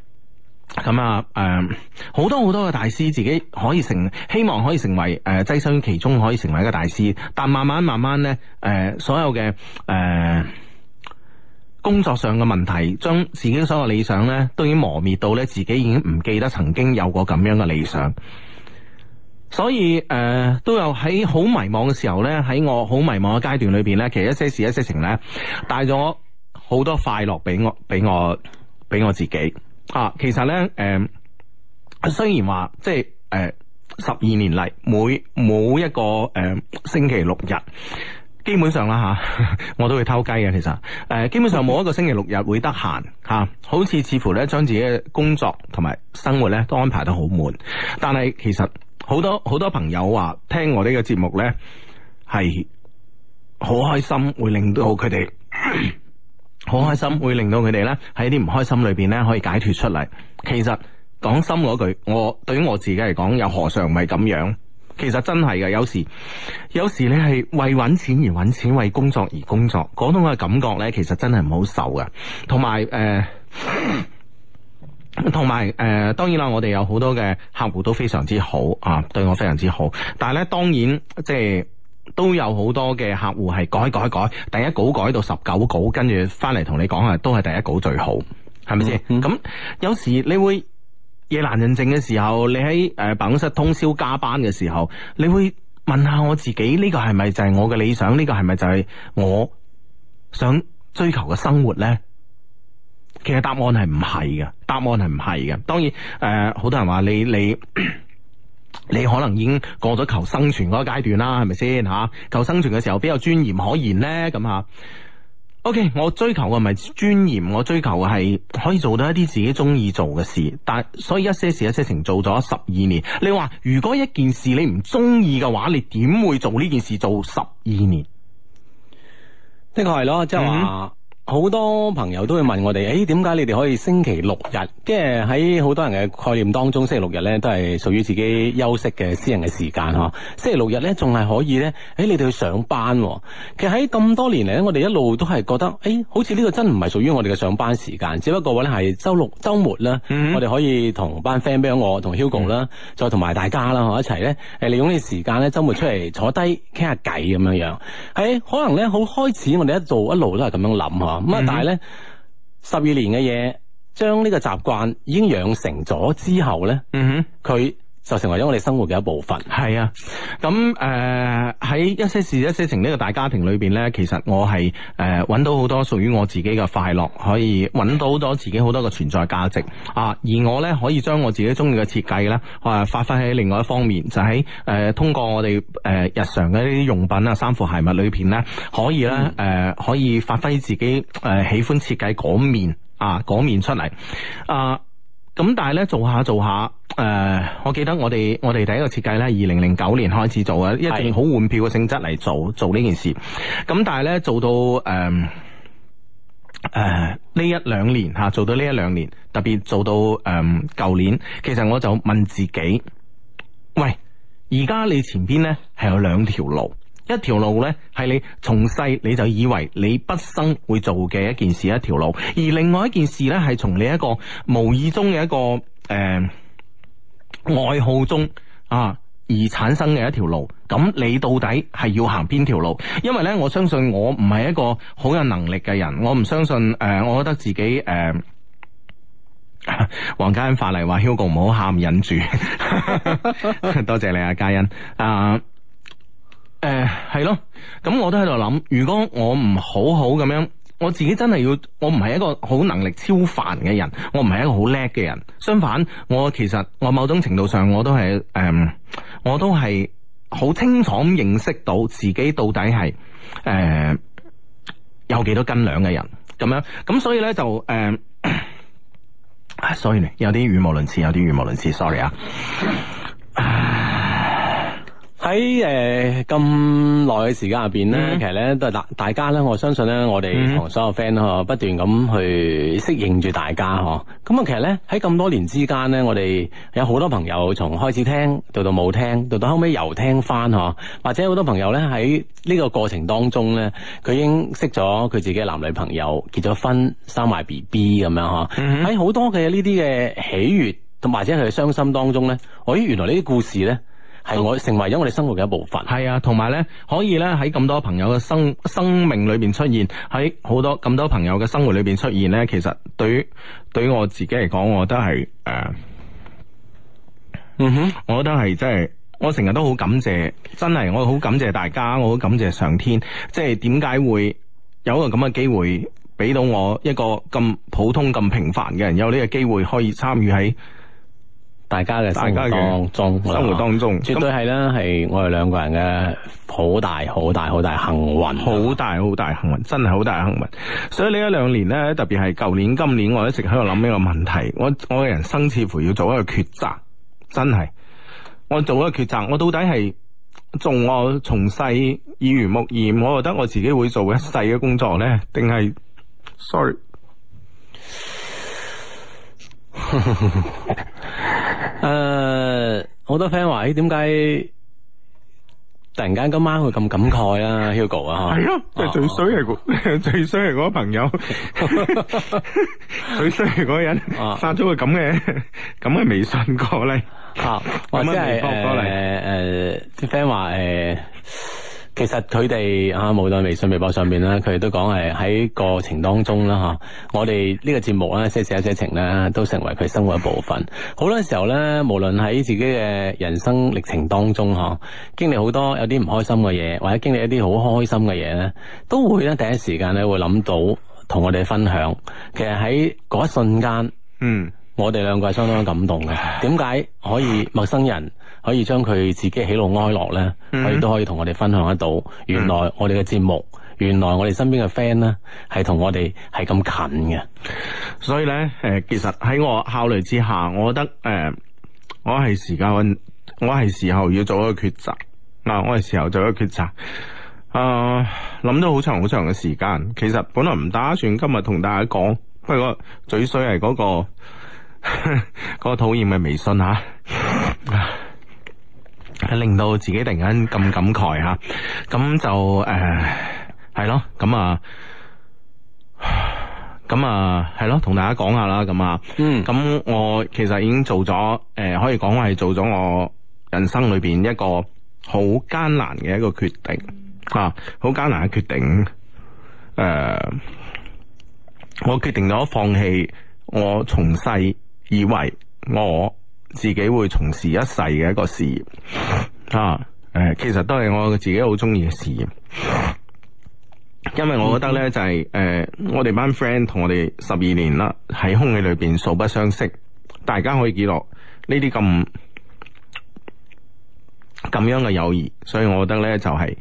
咁啊，誒、呃，好多好多嘅大師，自己可以成，希望可以成為誒，躋、呃、身其中可以成為一個大師，但慢慢慢慢呢，誒、呃，所有嘅誒、呃、工作上嘅問題，將自己所有嘅理想呢，都已經磨滅到呢，自己已經唔記得曾經有過咁樣嘅理想。所以誒、呃，都有喺好迷茫嘅時候呢，喺我好迷茫嘅階段裏邊呢，其實一些事一些情呢，帶咗好多快樂俾我，俾我，俾我自己啊。其實呢，誒、呃，雖然話即係十二年嚟每每一個誒、呃、星期六日，基本上啦吓、啊，我都會偷雞嘅。其實誒、呃，基本上每一個星期六日會得閒吓，好似似乎呢將自己嘅工作同埋生活呢都安排得好滿，但係其實。好多好多朋友話聽我呢個節目呢係好開心，會令到佢哋好開心，會令到佢哋呢喺啲唔開心裏邊呢可以解脫出嚟。其實講心嗰句，我對於我自己嚟講，又何嘗唔係咁樣？其實真係嘅，有時有時你係為揾錢而揾錢，為工作而工作，嗰種嘅感覺呢，其實真係唔好受噶。同埋誒、呃 (coughs) 同埋誒，當然啦，我哋有好多嘅客戶都非常之好啊，對我非常之好。但係咧，當然即係都有好多嘅客戶係改改改，第一稿改到十九稿，跟住翻嚟同你講啊，都係第一稿最好，係咪先？咁、嗯嗯、有時你會夜闌人靜嘅時候，你喺誒辦公室通宵加班嘅時候，你會問下我自己，呢、這個係咪就係我嘅理想？呢、這個係咪就係我想追求嘅生活咧？其實答案係唔係嘅，答案係唔係嘅。當然，誒、呃，好多人話你你 (coughs) 你可能已經過咗求生存嗰個階段啦，係咪先吓？求生存嘅時候比較尊嚴可言呢？咁吓。OK，我追求嘅唔係尊嚴，我追求嘅係可以做到一啲自己中意做嘅事。但所以一些事一些情做咗十二年。你話如果一件事你唔中意嘅話，你點會做呢件事做十二年？的確係咯，即係話。就是嗯好多朋友都會問我哋，誒點解你哋可以星期六日？即係喺好多人嘅概念當中，星期六日咧都係屬於自己休息嘅私人嘅時間呵。Mm hmm. 星期六日咧仲係可以咧，誒、哎、你哋去上班、哦。其實喺咁多年嚟咧，我哋一路都係覺得，誒、哎、好似呢個真唔係屬於我哋嘅上班時間，只不過咧係周六周末啦、mm hmm.，我哋可以同班 friend 俾咗我同 Hugo 啦，ugo, mm hmm. 再同埋大家啦，嗬一齊咧，誒利用呢啲時間咧周末出嚟坐低傾下偈咁樣樣，誒、哎、可能咧好開始，我哋一度一路都係咁樣諗呵。咁啊！嗯、但係咧，十二年嘅嘢，將呢個習慣已經養成咗之後咧，嗯哼，佢。就成為咗我哋生活嘅一部分。係啊，咁誒喺一些事、一些情呢個大家庭裏邊呢，其實我係誒搵到好多屬於我自己嘅快樂，可以揾到咗自己好多嘅存在價值啊。而我呢，可以將我自己中意嘅設計呢，誒、呃、發揮喺另外一方面，就喺、是、誒、呃、通過我哋誒、呃、日常嘅呢啲用品啊、衫褲鞋襪裏邊呢，可以咧誒、嗯呃、可以發揮自己誒喜歡設計嗰面啊嗰面出嚟啊。咁但係呢，做下做下。做下誒，uh, 我記得我哋我哋第一個設計咧，二零零九年開始做嘅，一定好換票嘅性質嚟做做呢件事。咁但係呢做到誒誒呢一兩年吓，做到呢、uh, uh, 一兩年,、啊、年，特別做到誒舊、uh, 年，其實我就問自己：，喂，而家你前邊呢係有兩條路，一條路呢係你從細你就以為你畢生會做嘅一件事，一條路，而另外一件事呢，係從你一個無意中嘅一個誒。Uh, 愛好中啊而產生嘅一條路，咁你到底係要行邊條路？因為咧，我相信我唔係一個好有能力嘅人，我唔相信誒、呃，我覺得自己誒，黃嘉欣發嚟話，Hugo 唔好喊忍住， (laughs) (laughs) 多謝你啊，嘉欣啊，誒、呃、係、呃、咯，咁我都喺度諗，如果我唔好好咁樣。我自己真係要，我唔係一個好能力超凡嘅人，我唔係一個好叻嘅人。相反，我其實我某種程度上我都係，誒，我都係好、呃、清楚認識到自己到底係，誒、呃，有幾多斤兩嘅人咁樣。咁所以呢，就，誒所以呢有啲語無倫次，有啲語無倫次，sorry 啊。啊喺誒咁耐嘅時間入邊咧，mm hmm. 其實咧都係大大家咧，我相信咧，我哋同所有 friend 嗬、mm hmm. 不斷咁去適應住大家嗬。咁啊、mm，hmm. 其實咧喺咁多年之間咧，我哋有好多朋友從開始聽到到冇聽，到到後尾又聽翻嗬，或者好多朋友咧喺呢個過程當中咧，佢已經識咗佢自己嘅男女朋友，結咗婚，生埋 B B 咁樣嗬。喺好、mm hmm. 多嘅呢啲嘅喜悦，同或者佢嘅傷心當中咧，我原來呢啲故事咧。係我成為咗我哋生活嘅一部分。係啊，同埋呢，可以呢，喺咁多朋友嘅生生命裏邊出現，喺好多咁多朋友嘅生活裏邊出現呢，其實對於對於我自己嚟講，我都係誒，呃、嗯哼，我覺得係真係，我成日都好感謝，真係我好感謝大家，我好感謝上天，即係點解會有一個咁嘅機會，俾到我一個咁普通、咁平凡嘅人有呢個機會可以參與喺。大家嘅生活當中，生活當中，嗯、絕對係咧，係我哋兩個人嘅好大、好大、好大幸運，好、嗯嗯、大、好大幸運，真係好大幸運。所以呢一兩年呢，特別係舊年、今年，我一直喺度諗呢個問題。我我嘅人生似乎要做一個抉擇，真係我做一個抉擇，我到底係做我從細耳濡目染，我覺得我自己會做一世嘅工作呢，定係 sorry。 (laughs) 誒，好多 friend 話，誒，點解突然間今晚會咁感慨啊？Hugo 啊，係咯，即係最衰係個，最衰係嗰個朋友，最衰係嗰個人，發咗個咁嘅，咁嘅微信過嚟，啊，我即係誒，啲 friend 話誒。其實佢哋吓，無論微信、微博上面咧，佢哋都講係喺過程當中啦，吓，我哋呢個節目咧，即寫寫情咧，都成為佢生活一部分。好多時候咧，無論喺自己嘅人生歷程當中，吓，經歷好多有啲唔開心嘅嘢，或者經歷一啲好開心嘅嘢咧，都會咧第一時間咧會諗到同我哋分享。其實喺嗰一瞬間，嗯，我哋兩個係相當感動嘅。點解可以陌生人？可以將佢自己喜怒哀樂咧，嗯、我哋都可以同我哋分享得到。原來我哋嘅節目，嗯、原來我哋身邊嘅 friend 咧，係同我哋係咁近嘅。所以咧，誒、呃，其實喺我考慮之下，我覺得，誒、呃，我係時間，我係時候要做一個抉擇。嗱、呃，我係時候做一個抉擇。啊、呃，諗咗好長好長嘅時間。其實本來唔打算今日同大家講，不過嘴衰係嗰個，嗰、嗰個討厭嘅微信吓。 (laughs) 令到自己突然間咁感慨吓，咁就誒係咯，咁、呃、啊，咁啊係咯，同大家講下啦，咁啊，嗯，咁、嗯嗯啊、我其實已經做咗，誒、呃，可以講係做咗我人生裏邊一個好艱難嘅一個決定，啊、嗯，好艱難嘅決定，誒、呃，我決定咗放棄我從細以為我，自己會從事一世嘅一個事業啊！誒，其實都係我自己好中意嘅事業，嗯、哼因為我覺得呢，就係、是、誒、呃，我哋班 friend 同我哋十二年啦，喺空氣裏邊素不相識，大家可以結落呢啲咁咁樣嘅友誼，所以我覺得呢，就係、是、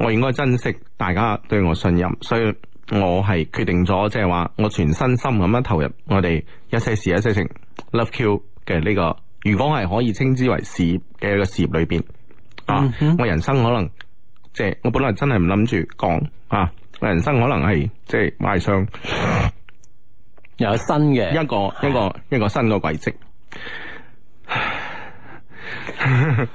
我應該珍惜大家對我信任，所以我係決定咗即係話我全身心咁樣投入我哋一些事一些情，love Q 嘅呢、這個。如果係可以稱之為事業嘅一個事業裏邊、嗯哼啊就是，啊，我人生可能即係我本來真係唔諗住講啊，我人生可能係即係邁上又有新嘅一個一個一個新嘅軌跡。 (laughs)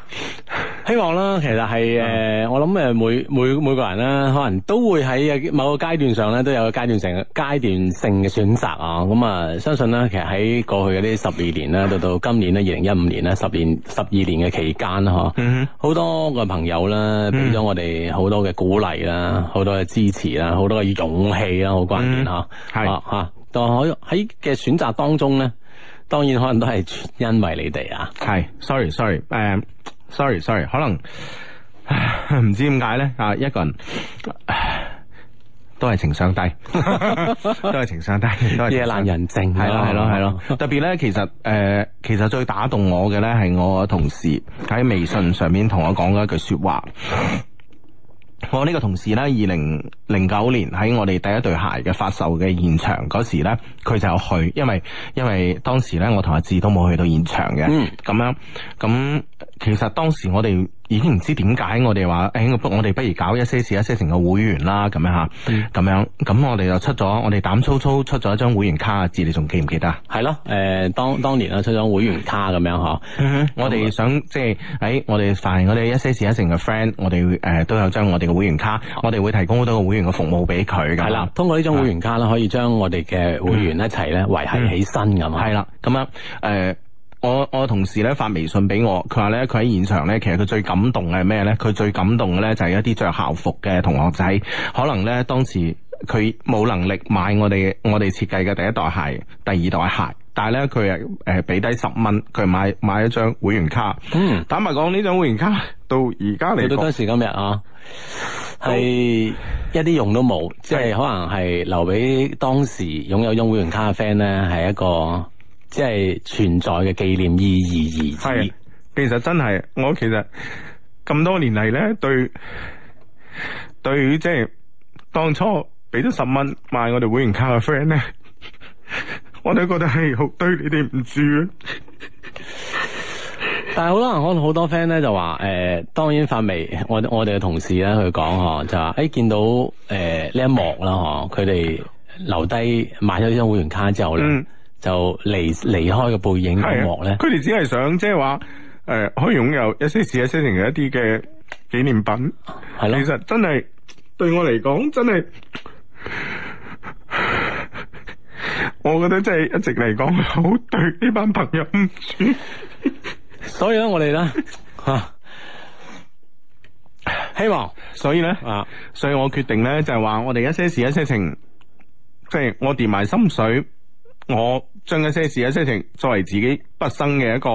希望啦，其實係誒，我諗誒，每每每個人咧，可能都會喺某個階段上咧，都有個階段性，階段性嘅選擇啊。咁啊，相信咧，其實喺過去嗰啲十二年咧，到到今年咧，二零一五年咧，十年，十二年嘅期間嗬，好多個朋友咧，俾咗我哋好多嘅鼓勵啦，好多嘅支持啦，好多嘅勇氣啦，好關鍵嗬。係啊，吓，但係喺嘅選擇當中咧，當然可能都係全因為你哋啊。係，sorry，sorry，誒。Sorry sorry，可能唔知點解咧啊，一個人都係情商低， (laughs) 低，都係情商低，都係夜闌人靜，係咯係咯係咯， (laughs) 特別咧，其實誒、呃，其實最打動我嘅咧，係我同事喺微信上面同我講嘅一句說話。我呢個同事咧，二零零九年喺我哋第一對鞋嘅發售嘅現場嗰時咧，佢就去，因為因為當時咧，我同阿志都冇去到現場嘅，咁、嗯、樣咁。其實當時我哋已經唔知點解，我哋話誒，不我哋不如搞一些事一些情嘅會員啦，咁樣吓，咁樣，咁我哋就出咗，我哋膽粗粗出咗一張會員卡嘅字，你仲記唔記得啊？係咯，誒、呃，當當年啦，出咗會員卡咁樣嗬、就是，我哋想即係，誒，我哋凡我哋一些事一些情嘅 friend，我哋誒、呃、都有張我哋嘅會員卡，我哋會提供好多個會員嘅服務俾佢。係啦，通過呢張會員卡啦，的可以將我哋嘅會員一齊咧維繫起身咁、嗯。係、嗯、啦，咁、嗯、樣誒。嗯我我同事咧發微信俾我，佢話咧佢喺現場咧，其實佢最感動嘅係咩咧？佢最感動嘅咧就係一啲着校服嘅同學仔，可能咧當時佢冇能力買我哋我哋設計嘅第一代鞋、第二代鞋，但係咧佢係誒俾低十蚊，佢買買一張會員卡。嗯，坦白講呢張會員卡，到而家嚟到今時今日啊，係一啲用都冇，即係、嗯、可能係留俾當時擁有用會員卡嘅 friend 咧，係一個。即係存在嘅紀念意義而止。係，其實真係，我其實咁多年嚟咧，對對，即係當初俾咗十蚊買我哋會員卡嘅 friend 咧，我都覺得係好對你哋唔住。 (laughs) 但係好多人可能好多 friend 咧就話，誒、呃，當然發微，我我哋嘅同事咧去講，嗬，就話，誒，見到誒呢、呃、一幕啦，嗬，佢哋留低買咗呢張會員卡之後咧。嗯就離離開個背影幕咧，佢哋的只係想，即係話，誒、就是呃，可以擁有一些事、一些情嘅一啲嘅紀念品，係咯的。其實真係對我嚟講，真係， (laughs) 我覺得真係一直嚟講，好對呢班朋友唔住。 (laughs) 所以咧，我哋咧啊，希望。所以咧啊，所以我決定咧，就係、是、話我哋一些事、一些情，即、就、係、是、我填埋心水。我將一些事、一些情作為自己畢生嘅一個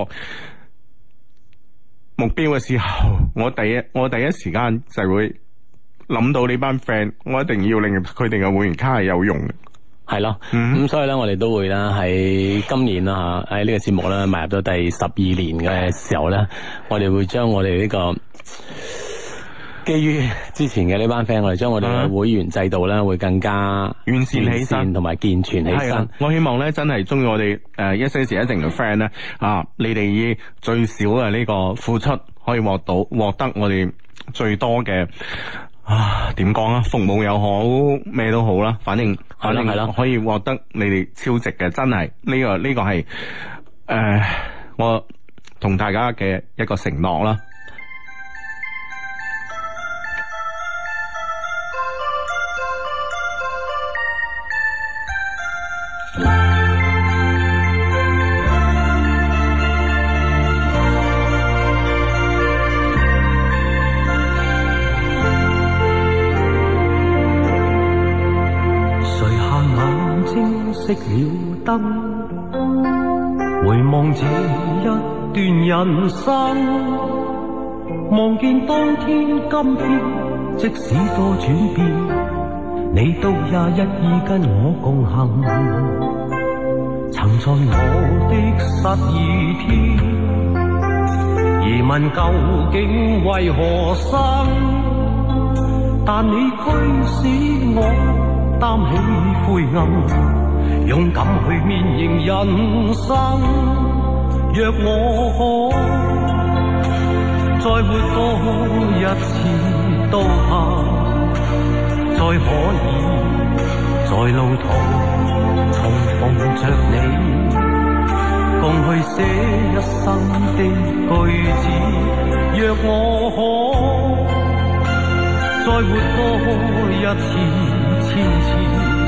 目標嘅時候，我第一我第一時間就會諗到呢班 friend，我一定要令佢哋嘅會員卡係有用嘅。係咯的，咁、嗯、所以咧，我哋都會啦。喺今年啊喺呢個節目咧邁入咗第十二年嘅時候咧，我哋會將我哋呢個。基於之前嘅呢班 friend，我哋將我哋嘅會員制度咧會更加、啊、完善起身同埋健全起身。啊、我希望咧真係中意我哋誒一些事一些情嘅 friend 咧啊，uh，你哋以最少嘅呢個付出，可以獲到獲得我哋最多嘅啊，點講啊？服務又好咩都好啦，反正反正係啦，可以獲得你哋超值嘅，真係呢、這個呢、這個係誒、uh，我同大家嘅一個承諾啦、啊。熄了燈，回望這一段人生，望見當天今天，即使多轉變，你都也一意跟我共行。曾在我的失意天，疑問究竟為何生，但你驅使我擔起灰暗。勇敢去面迎人生，若我可再活多一次，都刻，再可以在路途重逢着你，共去寫一生的句子。若我可再活多一次，千次。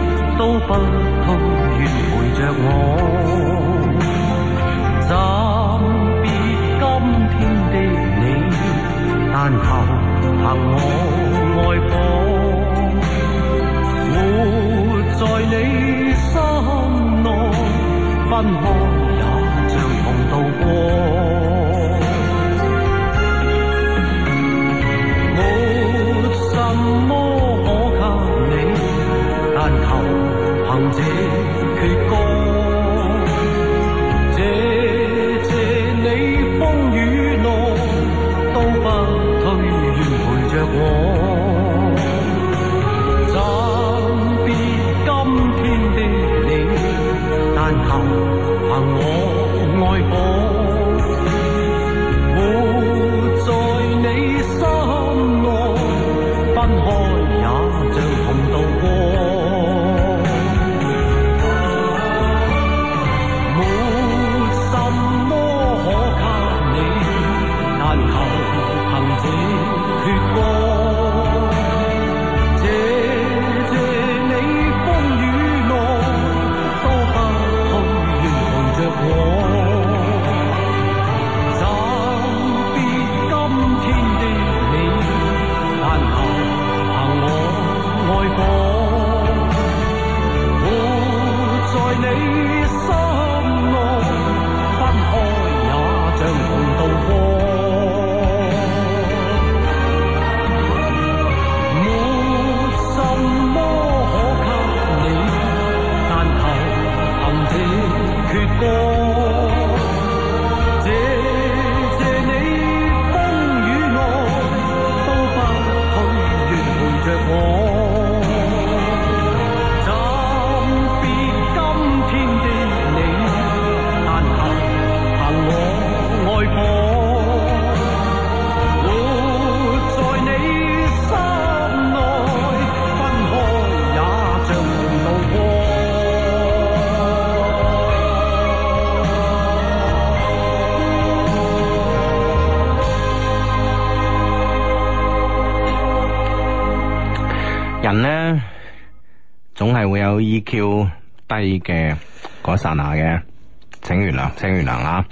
都不痛願陪着我，暫別今天的你，但求憑我愛火，活在你心內，分開也像同渡過。嘅嗰一剎那嘅，請原諒，請原諒啊！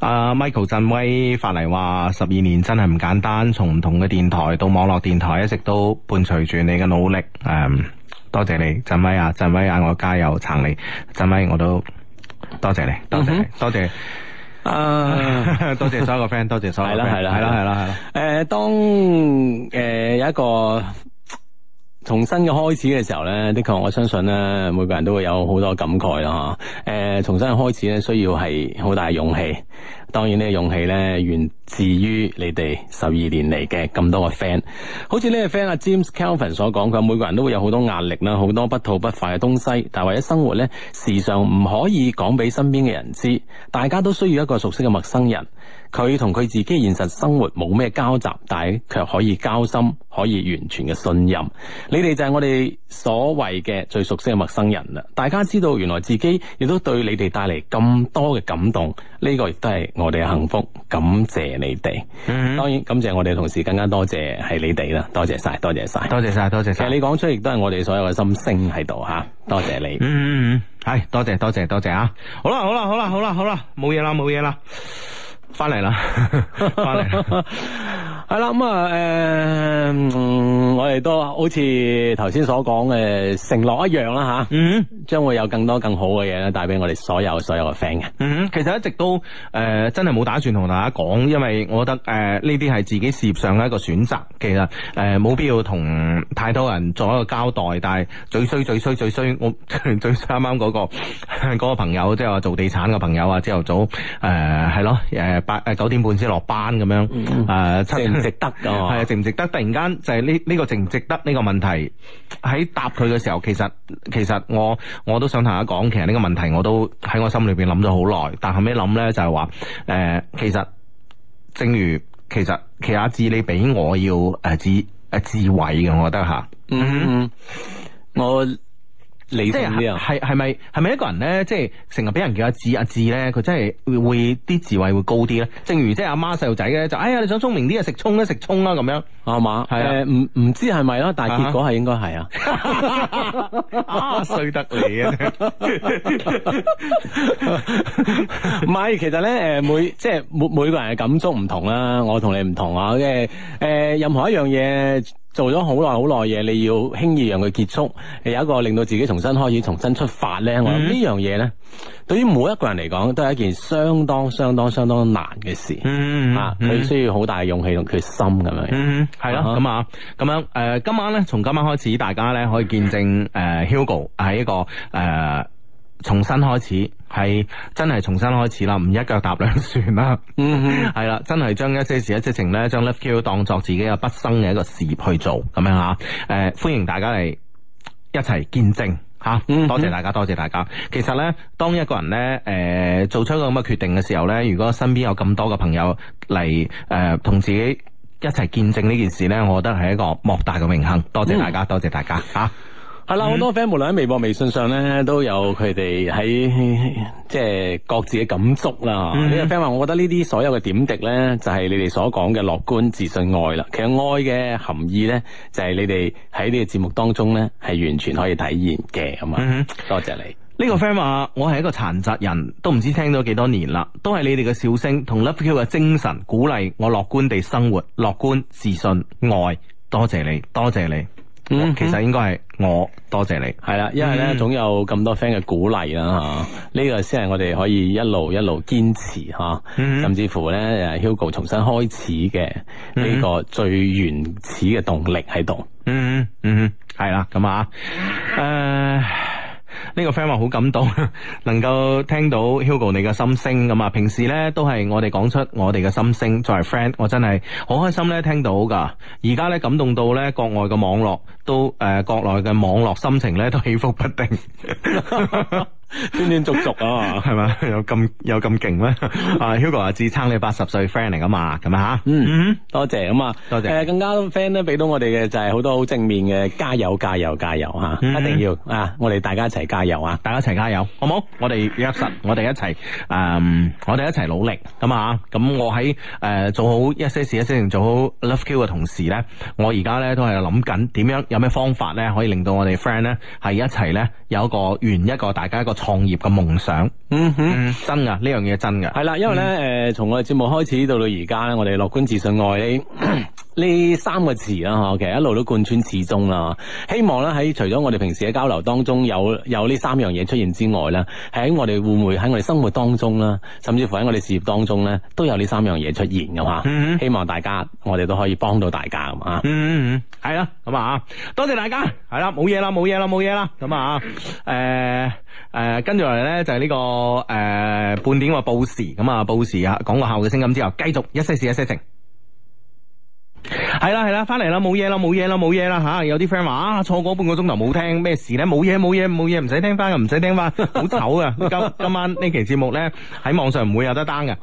阿、uh, Michael 振威發嚟話十二年真係唔簡單，從唔同嘅電台到網絡電台，一直都伴隨住你嘅努力。誒、um,，多謝你，振威啊，振威啊，我加油，撐你，振威，我都多謝你，多謝你，嗯、哼多謝你。啊，uh, (laughs) 多謝所有 friend， (laughs) 多謝所有。係啦， (laughs) 係啦， (laughs) 係啦，係啦。誒， (laughs) 當誒有一個。Uh, uh, uh, uh, uh, uh, uh, uh, 從新嘅開始嘅時候咧，的確我相信咧，每個人都會有好多感慨啦吓。誒，從新嘅開始咧，需要係好大嘅勇氣。當然呢個勇氣咧，源自於你哋十二年嚟嘅咁多個 friend，好似呢個 friend 阿 James Kelvin 所講，佢每個人都會有好多壓力啦，好多不吐不快嘅東西，但係為咗生活咧，時常唔可以講俾身邊嘅人知，大家都需要一個熟悉嘅陌生人，佢同佢自己現實生活冇咩交集，但係卻可以交心，可以完全嘅信任。你哋就係我哋。所謂嘅最熟悉嘅陌生人啦，大家知道原來自己亦都對你哋帶嚟咁多嘅感動，呢個亦都係我哋嘅幸福。感謝你哋，嗯嗯當然感謝我哋同事，更加多謝係你哋啦。多謝晒，多謝晒，多謝晒，多謝晒。其實你講出亦都係我哋所有嘅心聲喺度吓，多謝你。嗯嗯，係多謝多謝多謝啊！好啦好啦好啦好啦好啦，冇嘢啦冇嘢啦。翻嚟啦，翻嚟，係啦咁啊。誒，我哋都好似頭先所講嘅承諾一樣啦吓，嗯，將會有更多更好嘅嘢咧，帶俾我哋所有所有嘅 friend 嘅，嗯，其實一直都誒，真係冇打算同大家講，因為我覺得誒呢啲係自己事業上嘅一個選擇，其實誒冇必要同太多人做一個交代，但係最衰最衰最衰，我最衰啱啱嗰個嗰個朋友，即係話做地產嘅朋友啊，朝頭早誒係咯，誒。八誒九點半先落班咁樣誒，值唔、嗯嗯呃、值得？係啊，值唔值得？突然間就係呢呢個值唔值得呢個問題喺答佢嘅時候，其實其實我我都想同大家講，其實呢個問題我都喺我心裏邊諗咗好耐，但後尾諗呢，就係話誒，其實正如其實其實阿智你畀我要誒、啊、智、啊、智慧嘅，我覺得吓嗯，嗯，我。理即係係係咪係咪一個人咧？即係成日俾人叫阿智阿智咧，佢、啊、真係會啲智慧會高啲咧。正如即係阿媽細路仔嘅，就哎呀你想聰明啲啊，食葱啦食葱啦咁樣，係嘛是？誒唔唔知係咪啦，但係結果係應該係啊，衰得你啊！唔係 (laughs) (laughs) 其實咧誒每即係每每個人嘅感觸唔同啦，我你同你唔同啊，因為誒任何一樣嘢。做咗好耐好耐嘢，你要輕易讓佢結束，有一個令到自己重新開始、重新出發呢、嗯、我諗呢樣嘢呢，對於每一個人嚟講都係一件相當、相當、相當難嘅事。啊，佢需要好大勇氣同決心咁樣。嗯，係咯，咁啊，咁樣誒，今晚呢，從今晚開始，大家咧可以見證誒、呃、Hugo 喺一個誒重、呃、新開始。係真係重新開始啦，唔一腳踏兩船啦，係啦、嗯哼， (laughs) 真係將一些事一些情咧，將 Left Q 當作自己嘅畢生嘅一個事業去做咁樣啊！誒、呃，歡迎大家嚟一齊見證吓，多謝大家，多謝大家。其實咧，當一個人咧誒、呃、做出一個咁嘅決定嘅時候咧，如果身邊有咁多嘅朋友嚟誒、呃、同自己一齊見證呢件事咧，我覺得係一個莫大嘅榮幸。多謝大家，多謝大家吓。嗯 (laughs) 係啦，好、嗯、多 friend 無論喺微博、微信上咧，都有佢哋喺即係各自嘅感觸啦。呢、嗯、個 friend 話：，我覺得呢啲所有嘅點滴咧，就係你哋所講嘅樂觀、自信、愛啦。其實愛嘅含義咧，就係你哋喺呢個節目當中咧，係完全可以體現嘅。咁啊、嗯，多謝你。呢、嗯、個 friend 話：，我係一個殘疾人，都唔知聽咗幾多年啦，都係你哋嘅笑聲同 LoveQ 嘅精神鼓勵我樂觀地生活，樂觀、自信、愛。多謝你，多謝你。嗯，其實應該係我多謝你，係啦，因為咧、嗯、哼總有咁多 friend 嘅鼓勵啦吓，呢、啊呢個先係我哋可以一路一路堅持吓，啊嗯、哼甚至乎咧，Hugo 重新開始嘅呢個最原始嘅動力喺度、嗯。嗯嗯，係啦，咁啊，誒、呃。呢個 friend 話好感動，能夠聽到 Hugo 你嘅心聲咁啊！平時咧都係我哋講出我哋嘅心聲，作為 friend 我真係好開心咧聽到噶，而家咧感動到咧國外嘅網絡都誒、呃、國內嘅網絡心情咧都起伏不定。 (laughs) (laughs) 斷斷續續啊，係咪？有咁有咁勁咩？啊、 (laughs) uh,，Hugo 啊，自稱你八十歲 friend 嚟噶嘛？咁啊吓，嗯，多謝咁啊，多謝。誒、嗯，謝更加 friend 咧，俾到我哋嘅就係好多好正面嘅，加油加油加油吓，嗯、一定要啊！我哋大家一齊加油啊！大家一齊加油，好冇？我哋約實，我哋一齊誒，um, 我哋一齊努力咁啊！咁我喺誒、呃、做好一些事、一些情，做好 Love Q 嘅同時咧，我而家咧都係諗緊點樣有咩方法咧，可以令到我哋 friend 咧係一齊咧有一個圓一個大家一個行業嘅夢想，嗯哼，真噶的，呢樣嘢真噶，係啦、嗯哼，因為呢，誒，從我哋節目開始到到而家咧，我哋樂觀自信愛呢 (coughs) 三個詞啦，嗬，其實一路都貫穿始終啦，希望呢，喺除咗我哋平時嘅交流當中有有呢三樣嘢出現之外咧，喺我哋會唔會喺我哋生活當中啦，甚至乎喺我哋事業當中呢，都有呢三樣嘢出現噶嘛，希望大家我哋都可以幫到大家咁啊，嗯係啦，咁啊，多謝大家，係啦，冇嘢啦，冇嘢啦，冇嘢啦，咁啊，誒。誒，跟住落嚟咧就係、是、呢、這個誒、呃、半點話報時，咁啊報時啊講個下午嘅聲音之後，繼續一些事一些情。係啦，係啦，翻嚟啦，冇嘢啦，冇嘢啦，冇嘢啦吓！有啲 friend 話啊，錯過半個鐘頭冇聽咩事咧，冇嘢冇嘢冇嘢，唔使聽翻嘅，唔使聽翻，好醜噶！今今晚呢期節目咧喺網上唔會有得 down 嘅，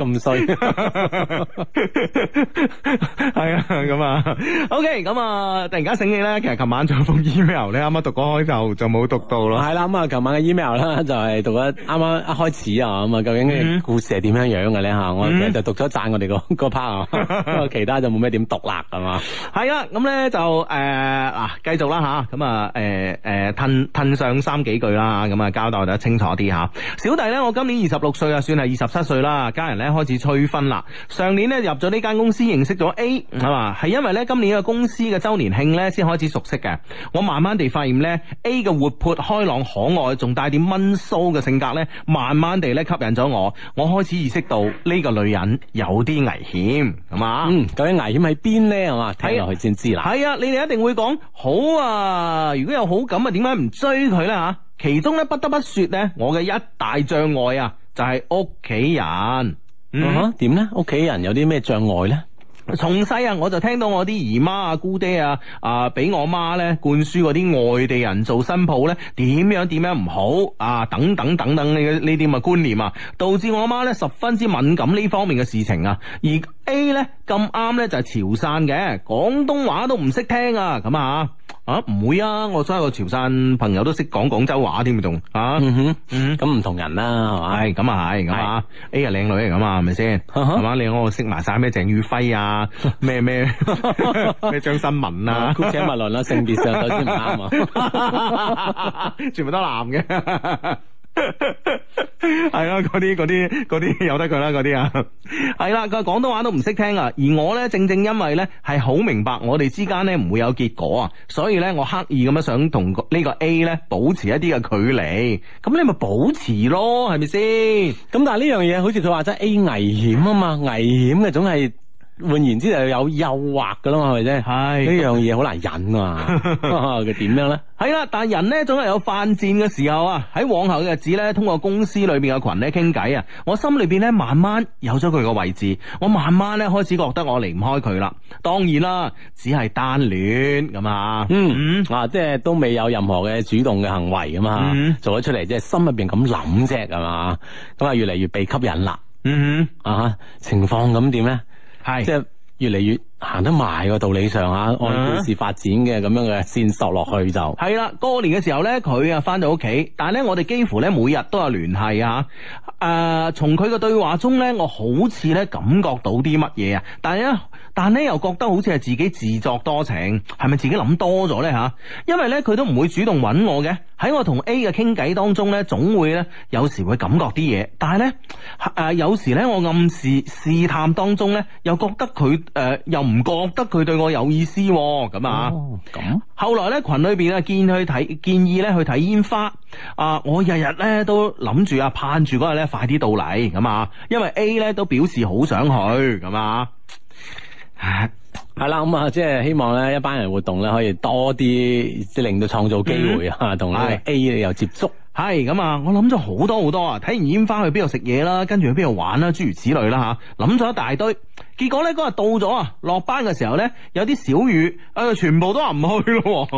咁衰，係啊咁啊，OK 咁啊，突然間醒起咧，其實琴晚仲有封 email，你啱啱讀嗰開頭就冇讀到咯。係啦，咁啊，琴晚嘅 email 啦，就係讀咗啱啱一開始啊，咁啊、 (laughs) 嗯，究竟故事係點樣樣嘅咧吓？我其實就讀咗讚我哋個個 part 啊。 (laughs) 其他就冇咩點獨特係嘛？係啦、 (laughs) 嗯，咁呢就誒嗱，繼、嗯、續啦吓，咁啊誒誒，褪、嗯、褪上三幾句啦，咁、嗯、啊交代得清楚啲吓。小弟呢，我今年二十六歲啊，算係二十七歲啦，家人呢，開始催婚啦。上年呢，入咗呢間公司，認識咗 A 係嘛，係因為呢，今年個公司嘅周年慶呢，先開始熟悉嘅。我慢慢地發現呢 A 嘅活潑開朗可愛，仲帶點悶騷嘅性格呢，慢慢地呢，吸引咗我。我開始意識到呢個女人有啲危險。係嘛？嗯，究竟危險喺邊咧？係嘛，睇落去先知啦。係啊，你哋一定會講好啊。如果有好感啊，點解唔追佢咧？吓，其中咧不得不說咧，我嘅一大障礙啊，就係屋企人。嗯，點咧、啊？屋企人有啲咩障礙咧？從細啊，我就聽到我啲姨媽啊、姑爹啊，啊俾我媽咧灌輸嗰啲外地人做新抱咧，點樣點樣唔好啊，等等等等呢呢啲咁嘅觀念啊，導致我媽咧十分之敏感呢方面嘅事情啊。而 A 咧咁啱咧就係潮汕嘅，廣東話都唔識聽啊，咁啊。啊，唔會啊！我真係個潮汕朋友都識講廣州話添啊，仲嚇、嗯，咁、嗯、唔同人啦，係咪？ (laughs) 咁啊，係咁啊，A 係靚女嚟噶嘛，係咪先？係嘛、uh huh.，你我識埋晒咩鄭宇輝啊，咩咩咩張新文啊，姑且勿論啦，性別上，首先唔啱啊，全部都係男嘅。 (laughs) 係啦，嗰啲嗰啲嗰啲由得佢啦，嗰啲啊，係啦，佢廣 (laughs) 東話都唔識聽啊，而我呢，正正因為呢，係好明白我哋之間呢唔會有結果啊，所以呢，我刻意咁樣想同呢個 A 呢保持一啲嘅距離，咁你咪保持咯，係咪先？咁 (laughs) 但係呢樣嘢好似佢話真係 A 危險啊嘛，危險嘅總係。換言之，就有誘惑噶啦嘛，係咪啫？係呢樣嘢好難忍啊！佢點樣咧？係啦，但人咧總係有犯賤嘅時候啊。喺往後嘅日子咧，通過公司裏邊嘅群咧傾偈啊，我心裏邊咧慢慢有咗佢個位置，我慢慢咧開始覺得我離唔開佢啦。當然啦，只係單戀咁啊。嗯，啊，即係都未有任何嘅主動嘅行為咁啊，做咗出嚟即係心入邊咁諗啫，係啊，咁啊，越嚟越被吸引啦。嗯，啊，情況咁點咧？係，是即係越嚟越行得埋個道理上吓，啊，啊、按故事發展嘅咁樣嘅線索落去就係啦。過、那個，年嘅時候咧，佢啊翻到屋企，但係咧我哋幾乎咧每日都有聯繫啊。誒、呃，從佢嘅對話中咧，我好似咧感覺到啲乜嘢啊，但係咧。但呢又覺得好似係自己自作多情，係咪自己諗多咗呢？吓？因為呢，佢都唔會主動揾我嘅。喺我同 A 嘅傾偈當中呢，總會呢，有時會感覺啲嘢，但係呢，誒、啊，有時呢，我暗示試探當中呢，又覺得佢誒、呃、又唔覺得佢對我有意思咁啊。咁、哦、後來呢群裏邊啊，建議睇建議呢去睇煙花啊，我日日呢都諗住啊盼住嗰日呢快啲到嚟，咁啊，因為 A 呢都表示好想去咁啊。係啦，咁啊，即係希望咧，一班人活動咧，可以多啲即係令到創造機會啊，同呢 A 你又接觸，係咁啊，我諗咗好多好多啊，睇完煙花去邊度食嘢啦，跟住去邊度玩啦，諸如此類啦吓，諗咗一大堆，結果咧，嗰日到咗啊，落班嘅時候咧，有啲小雨，啊，全部都話唔去咯，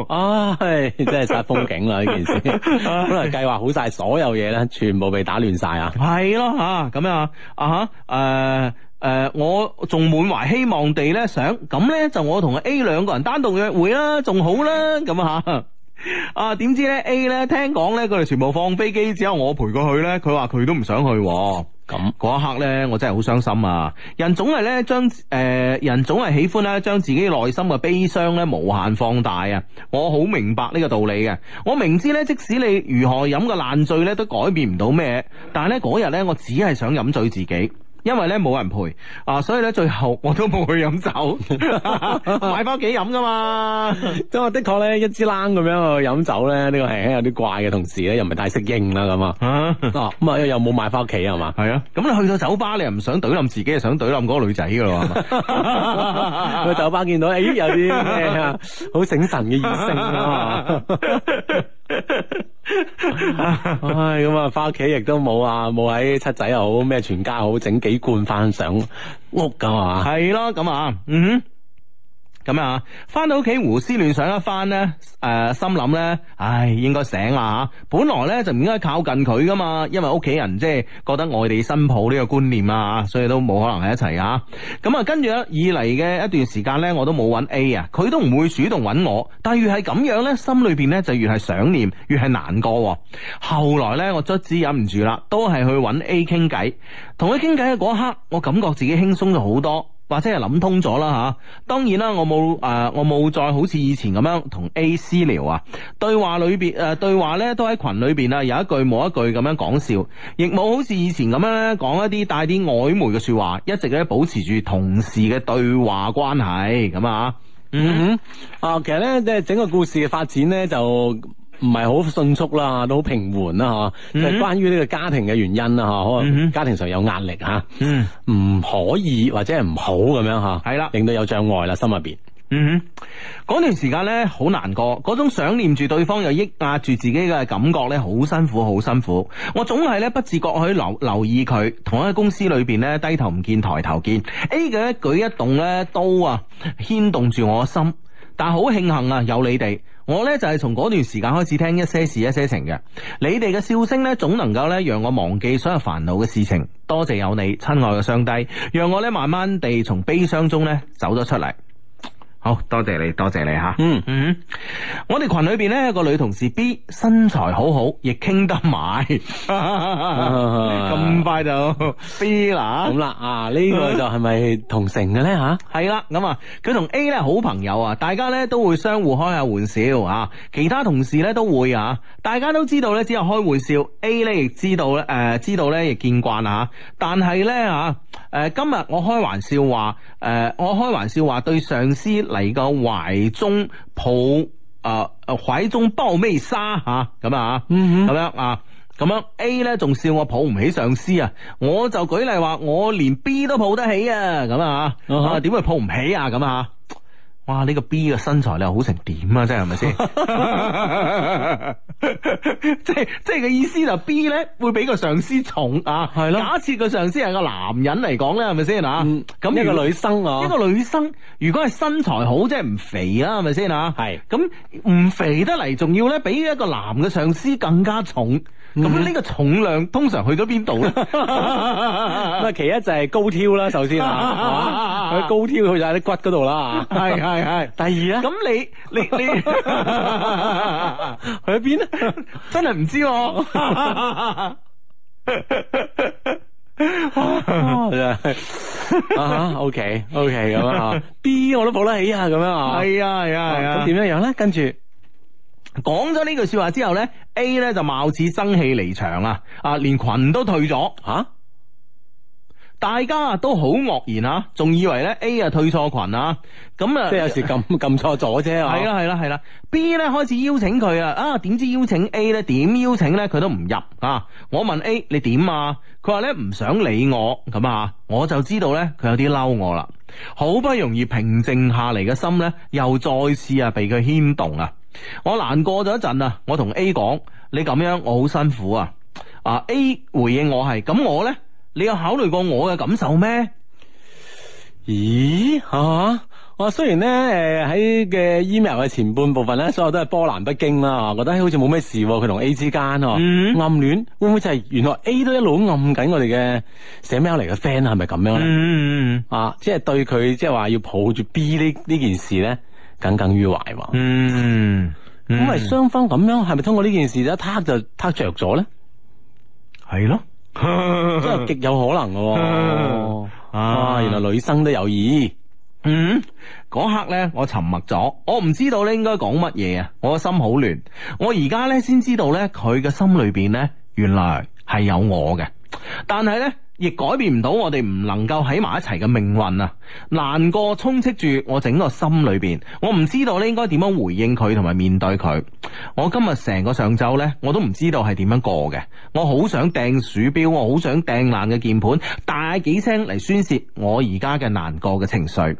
唉，真係煞風景啦呢件事，本來計劃好晒所有嘢咧，全部被打亂晒啊，係咯吓，咁啊，啊，誒。誒、呃，我仲滿懷希望地咧想，咁咧就我同 A 兩個人單獨約會啦，仲好啦，咁啊吓，啊點知咧 A 咧聽講咧佢哋全部放飛機，只有我陪佢去咧，佢話佢都唔想去喎。咁嗰一刻咧，我真係好傷心啊！人總係咧將誒，人總係喜歡咧將自己內心嘅悲傷咧無限放大啊！我好明白呢個道理嘅，我明知咧即使你如何飲個爛醉咧，都改變唔到咩，但係咧嗰日咧，我只係想飲醉自己。因為咧冇人陪啊，所以咧最後我都冇去飲酒， (laughs) 買翻屋企飲噶嘛。即我 (laughs) 的確咧一支冷咁樣去飲酒咧，呢個係有啲怪嘅，同時咧又唔係太適應啦咁啊。咁啊又冇買翻屋企係嘛？係啊。咁你去到酒吧，你又唔想懟冧自己，又想懟冧嗰個女仔噶喎。去 (laughs) (laughs) (laughs) 酒吧見到，哎，有啲咩啊？好、欸、醒神嘅異性啊！ (laughs) (laughs) (laughs) 唉，咁啊，翻屋企亦都冇啊，冇喺七仔又好，咩全家好，整幾罐翻上屋噶嘛，係咯，咁啊，嗯。咁啊，翻到屋企胡思亂想一番呢，誒、呃，心諗呢，唉，應該醒啦。本來呢就唔應該靠近佢噶嘛，因為屋企人即係覺得外地新抱呢個觀念啊，所以都冇可能喺一齊啊。咁、嗯、啊，跟住咧，以嚟嘅一段時間呢，我都冇揾 A 啊，佢都唔會主動揾我。但係越係咁樣呢，心裏邊呢就越係想念，越係難過。後來呢，我卒之忍唔住啦，都係去揾 A 傾偈。同佢傾偈嘅嗰一刻，我感覺自己輕鬆咗好多。或者係諗通咗啦吓。當然啦，我冇誒、呃，我冇再好似以前咁樣同 A 私聊啊，對話裏邊誒對話呢都喺群裏邊啊，有一句冇一句咁樣講笑，亦冇好似以前咁樣咧講一啲帶啲曖昧嘅説話，一直咧保持住同事嘅對話關係咁啊。嗯哼，啊，其實呢，即係整個故事嘅發展呢就。唔係好迅速啦，都好平緩啦吓。即係、嗯、哼關於呢個家庭嘅原因啦吓，可能、嗯、哼家庭上有壓力吓，唔、嗯、哼可以或者係唔好咁樣吓。係啦，令到有障礙啦，心入邊。嗯哼，嗰、嗯、哼段時間呢，好難過，嗰種想念住對方又抑壓住自己嘅感覺呢，好辛苦，好辛苦。我總係呢，不自覺去留留意佢，同一個公司裏邊呢，低頭唔見抬頭見，A 嘅一舉一動呢，都啊牽動住我心。但好慶幸啊，有你哋。我咧就係從嗰段時間開始聽一些事一些情嘅，你哋嘅笑聲咧總能夠咧讓我忘記所有煩惱嘅事情，多謝有你，親愛嘅上帝，讓我咧慢慢地從悲傷中咧走咗出嚟。好多謝你，多謝你吓、嗯。嗯嗯， (noise) 我哋群裏邊呢個女同事 B 身材好好，亦傾得埋。咁 (laughs) 快就 B 啦，咁啦、 (laughs) 嗯嗯嗯、啊？呢、這個就係咪同城嘅呢？吓？ (laughs) 係啦、啊，咁啊佢同 A 呢好朋友啊，大家呢都會相互開下玩笑啊。其他同事呢都會啊，大家都知道呢，只有開玩笑。A 呢亦知道呢，誒、呃、知道呢亦見慣啊。但係呢。啊。誒、呃，今日我開玩笑話，誒、呃，我開玩笑話對上司嚟，個懷中抱，誒、呃、懷中包咩沙吓，咁啊吓，咁樣啊，咁樣啊，咁樣 A 咧仲笑我抱唔起上司啊，我就舉例話我連 B 都抱得起啊，咁啊吓，點會抱唔起啊咁啊？哇！呢個 B 嘅身材你又好成點啊？真係係咪先？即係即係嘅意思就是，B 咧會比個上司重啊！係咯的，假設個上司係個男人嚟講咧，係咪先啊？咁一個女生，啊？一個女生如果係身材好，嗯、即係唔肥啊，係咪先啊？係咁唔肥得嚟，仲要咧比一個男嘅上司更加重。咁呢個重量通常去咗邊度咧？咁啊，其一就係高挑啦，首先啊，佢高挑，去就喺啲骨嗰度啦。係係係。第二咧？咁你你你去咗邊咧？真係唔知喎。OK OK 咁啊，B 我都抱得起啊，咁樣啊。係啊係啊係啊。咁點樣樣咧？跟住。講咗呢句說話之後呢 A 呢就貌似生氣離場啊！啊，連群都退咗吓，啊，大家都好愕然啊，仲以為呢 A 啊退錯群啊，咁啊即係有時撳撳錯咗啫，係啦係啦係啦。B 呢開始邀請佢啊，啊點知邀請 A 呢？點邀請呢？佢都唔入啊！我問 A 你點啊？佢話呢：「唔想理我」咁啊，我就知道呢，佢有啲嬲我啦。好不容易平靜下嚟嘅心呢，又再次啊被佢牽動啊！我難過咗一陣啊，我同 A 講，你咁樣我好辛苦啊，啊 A 回應我係咁我呢？你有考慮過我嘅感受咩？咦吓、啊，我雖然呢，誒、呃、喺嘅 email 嘅前半部分呢，所有都係波瀾不驚啦、啊，覺得好似冇咩事、啊。佢同 A 之間、嗯、暗戀會唔會就係原來 A 都一路暗緊我哋嘅寫 mail 嚟嘅 friend 係咪咁樣呢？嗯嗯嗯嗯啊，即係對佢即係話要抱住 B 呢呢件事呢。耿耿於懷喎，嗯，咁咪雙方咁樣係咪通過呢件事一刻就撻着咗咧？係咯，是的 (laughs) 真係極有可能嘅喎。 (laughs) 啊，啊，原來女生都有意義。嗯，嗰刻咧我沉默咗，我唔知道咧應該講乜嘢啊，我個心好亂。我而家咧先知道咧，佢嘅心裏邊咧，原來係有我嘅。但係咧，亦改變唔到我哋唔能夠喺埋一齊嘅命運啊！難過充斥住我整個心裏邊，我唔知道咧應該點樣回應佢同埋面對佢。我今日成個上晝咧，我都唔知道係點樣過嘅。我好想掟鼠標，我好想掟爛嘅鍵盤，大幾聲嚟宣洩我而家嘅難過嘅情緒。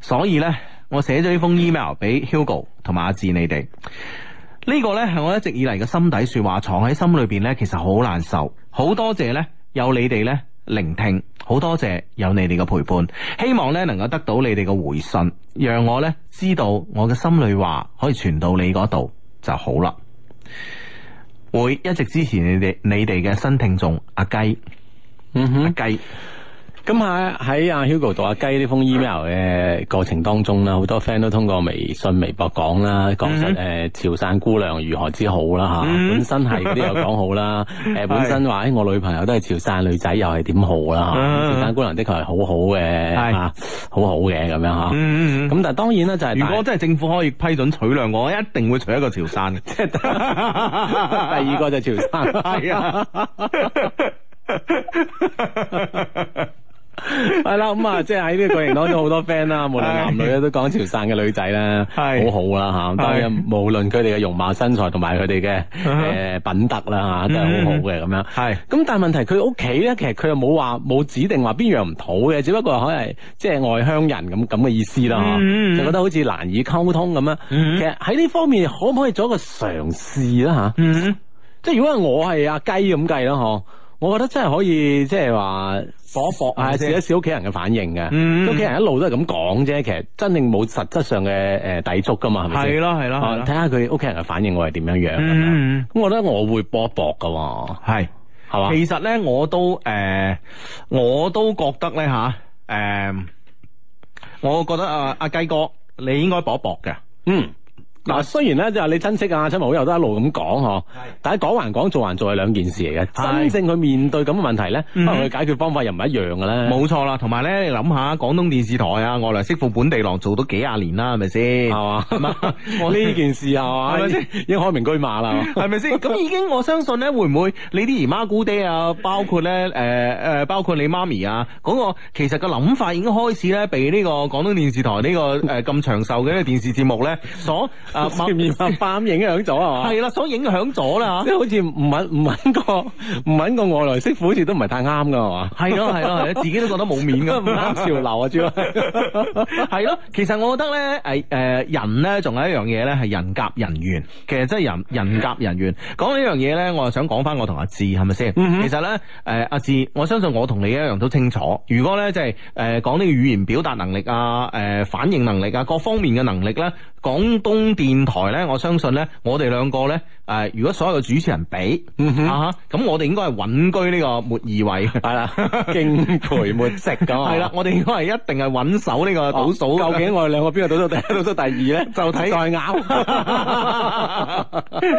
所以咧，我寫咗呢封 email 俾 Hugo 同埋阿志你哋。呢個呢係我一直以嚟嘅心底說話，藏喺心裏邊呢其實好難受。好多謝呢，有你哋呢聆聽，好多謝有你哋嘅陪伴，希望呢能夠得到你哋嘅回信，讓我呢知道我嘅心裏話可以傳到你嗰度就好啦。會一直支持你哋，你哋嘅新聽眾阿雞，嗯哼，阿雞。Mm hmm. 阿雞咁喺喺阿 Hugo 讀阿雞呢封 email 嘅過程當中啦，好多 friend 都通過微信、微博講啦，講實誒潮汕姑娘如何之好啦吓、嗯哼啊，本身係嗰啲又講好啦，誒、嗯、哼本身話、哎、我女朋友都係潮汕女仔，又係點好啦吓，潮汕姑娘的確係好、啊、是好好嘅，係啊，好好嘅咁樣吓，咁但係當然啦，就係如果真係政府可以批准取亮我，一定會取一個潮汕嘅，即係 (laughs) (laughs) 第二個就係潮汕。 (laughs) (laughs) 笑 (laughs) 係啦，咁啊、 (laughs) (laughs) 嗯，即係喺呢個過程當中好多 friend 啦，無論男女咧，都講潮汕嘅女仔啦，係好好啦吓。但係無論佢哋嘅容貌、身材同埋佢哋嘅誒品德啦吓，都係好好嘅咁樣。係、 (laughs) 嗯，咁、嗯、但係問題佢屋企咧，其實佢又冇話冇指定話邊樣唔好嘅，只不過可能即係外鄉人咁咁嘅意思啦，嗯嗯、就覺得好似難以溝通咁樣。嗯、其實喺呢方面可唔可以做一個嘗試啦吓？即係如果係我係阿雞咁計啦，嗬。啊我覺得真係可以，即係話搏一搏，係試一試屋企人嘅反應嘅。屋企、嗯、人一路都係咁講啫，其實真正冇實質上嘅誒抵觸噶嘛，係咪先？係咯，係咯，睇下佢屋企人嘅反應會係點樣樣咁。嗯、咁我覺得我會搏一搏噶，係係嘛。吧其實咧，我都誒、呃、我都覺得咧吓誒，我覺得阿阿雞哥你應該搏一搏嘅，嗯。嗱，雖然咧就係你親戚啊，親朋好友又都一路咁的講嗬，但係講還講，做還做係兩件事嚟嘅。的真正佢面對咁嘅問題咧，可能佢解決方法又唔一樣嘅咧。冇錯啦，同埋咧，你諗下廣東電視台啊，外來媳婦本地郎做到幾廿年啦，係咪先？係嘛？呢件事係、啊、嘛？係咪先？已經海明居馬啦，係咪先？咁已經我相信咧，會唔會你啲姨媽姑爹啊，包括咧誒誒，包括你媽咪啊，嗰、那個其實個諗法已經開始咧，被呢個廣東,東電視台呢個誒咁長壽嘅電視節目咧所。啊，面面影響咗啊，係啦的了，所影響咗啦，即係好似唔揾唔揾個唔揾個外來媳婦，好似都唔係太啱嘅，係嘛？係咯，係咯，自己都覺得冇面嘅，唔啱潮流啊，主要係咯。其實我覺得咧，誒、呃、誒，人咧仲有一樣嘢咧，係人夾人緣。其實真係人人夾人緣。講呢樣嘢咧，我係想講翻我同阿志係咪先？是是嗯、哼其實咧，誒、呃、阿志，我相信我同你一樣都清楚。如果咧，即係誒講呢個語言表達能力啊、誒、呃、反應能力啊、各方面嘅能力咧，廣東電。電台咧，我相信咧，我哋兩個咧，誒，如果所有嘅主持人比啊，咁我哋應該係穩居呢個末二位，係啦，敬陪末席咁。係啦，我哋應該係一定係穩守呢個倒數。究竟我哋兩個邊個倒數第一，倒數第二咧？就睇再咬。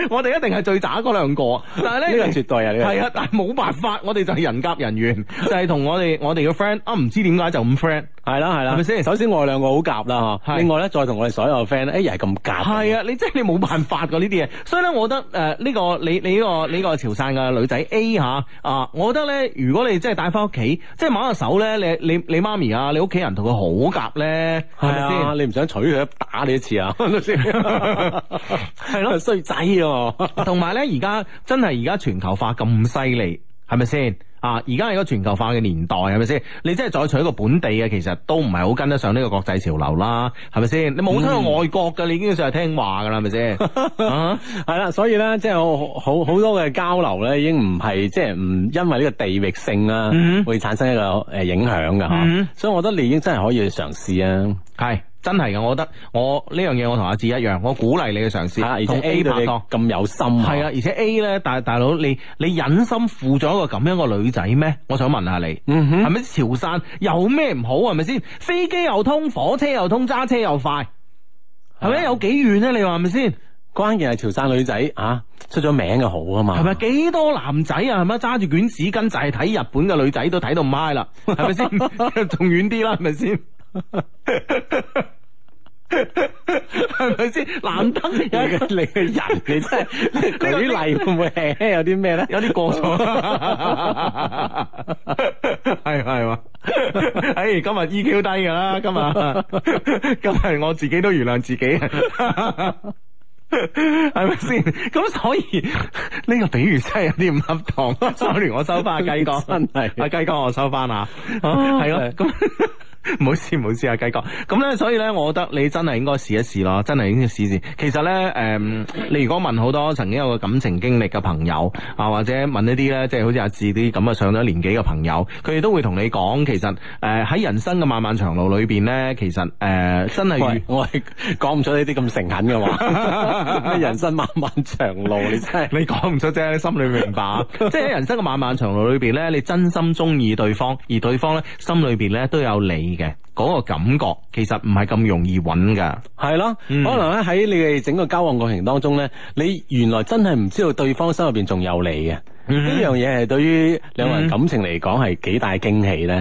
我哋一定係最渣嗰兩個。但係咧，呢個絕對啊，呢個係啊，但係冇辦法，我哋就係人夾人緣，就係同我哋我哋嘅 friend 啊，唔知點解就咁 friend。係啦，係啦，係咪先？首先我哋兩個好夾啦，嚇。另外咧，再同我哋所有 friend 咧，一樣係咁夾。係啊，你真係你冇辦法噶呢啲嘢。所以咧，我覺得誒呢個你你呢個呢個潮汕嘅女仔 A 嚇啊，我覺得咧，如果你真係帶翻屋企，即係某下手咧，你你你媽咪啊，你屋企人同佢好夾咧，係咪先？你唔想娶佢打你一次 (laughs) 的 (laughs) 子啊？係咪先？係 (laughs) 咯，衰仔喎！同埋咧，而家真係而家全球化咁犀利，係咪先？啊！而家係一個全球化嘅年代，係咪先？你真係採取一個本地嘅，其實都唔係好跟得上呢個國際潮流啦，係咪先？你冇聽過外國噶，嗯、哇 你已經算係聽話噶啦，係咪先？係啦， (laughs) 所以咧，即係好好多嘅交流咧，已經唔係即係唔因為呢個地域性啊，會產生一個誒影響嘅吓。所以我覺得你已經真係可以去嘗試啊。係。真係嘅，我覺得我呢樣嘢我同阿志一樣，我鼓勵你嘅嘗試。啊、而且 A, A 對你咁有心，啊。係啊，而且 A 呢，大大佬你你忍心負咗一個咁樣嘅女仔咩？我想問下你，係咪、嗯、哼潮汕有咩唔好係咪先？飛機又通，火車又通，揸車又快，係咪、啊、有幾遠啊？你話係咪先？是是關鍵係潮汕女仔吓、啊、出咗名就好啊嘛。係咪幾多男仔啊？係咪揸住捲紙巾就仔、係、睇日本嘅女仔都睇到歪啦？係咪先？仲 (laughs) 遠啲啦，係咪先？ (laughs) (laughs) 係咪先？難 (laughs) 得你個你個人，你真係舉例會唔會有？有啲咩咧？有啲過錯，係係嘛？哎，今日 E Q 低噶啦，今日今日我自己都原諒自己，係咪先？咁 (laughs) 所以呢 (laughs) (laughs) 個比喻真係有啲唔恰當。Sorry，我收翻阿雞哥問題，阿雞哥我收翻啊，係咯咁。啊 (laughs) 冇事冇事啊，雞哥，咁咧，所以咧，以我覺得你真係應該試一試咯，真係應該試一試。其實咧，誒、呃，你如果問好多曾經有個感情經歷嘅朋友啊，或者問一啲咧，即係好似阿志啲咁啊，上咗年紀嘅朋友，佢哋都會同你講，其實誒喺、呃、人生嘅漫漫長路裏邊咧，其實誒、呃、真係我係講唔出呢啲咁誠懇嘅話。 (laughs) (laughs) 人生漫漫長路，你真係你講唔出，你心裏明白。 (laughs) 即係喺人生嘅漫漫長路裏邊咧，你真心中意對方，而對方咧心裏邊咧都有你。嘅嗰、那個感覺，其實唔係咁容易揾噶，係咯，可能咧喺你哋整個交往過程當中咧，你原來真係唔知道對方心入邊仲有你嘅，呢樣嘢係對於兩個人感情嚟講係幾大驚喜咧，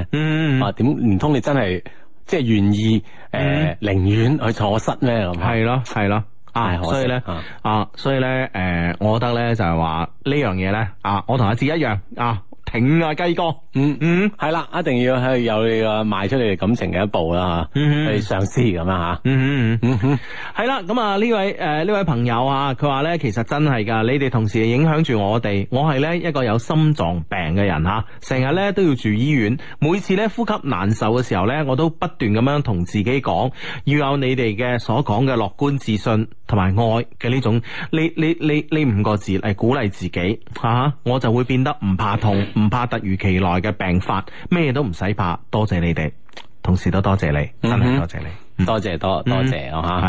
啊點唔通你真係即係願意誒寧願去錯失咧咁？係咯係咯，啊所以咧啊所以咧誒，我覺得咧就係話呢樣嘢咧啊，我同阿志一樣啊。挺啊，雞哥，嗯嗯，係啦，一定要係有你嘅邁出你哋感情嘅一步啦，吓，去嘗試咁樣，吓，嗯嗯嗯嗯，係啦，咁啊呢位誒呢位朋友啊，佢話呢，其實真係噶，你哋同時影響住我哋，我係呢一個有心臟病嘅人吓，成日呢都要住醫院，每次呢呼吸難受嘅時候呢，我都不斷咁樣同自己講，要有你哋嘅所講嘅樂觀、自信同埋愛嘅呢種，呢呢呢呢五個字嚟鼓勵自己，吓，我就會變得唔怕痛。唔怕突如其來嘅病發，咩都唔使怕。多謝你哋，同時都多謝你，真係多謝你，多謝多多謝啊吓，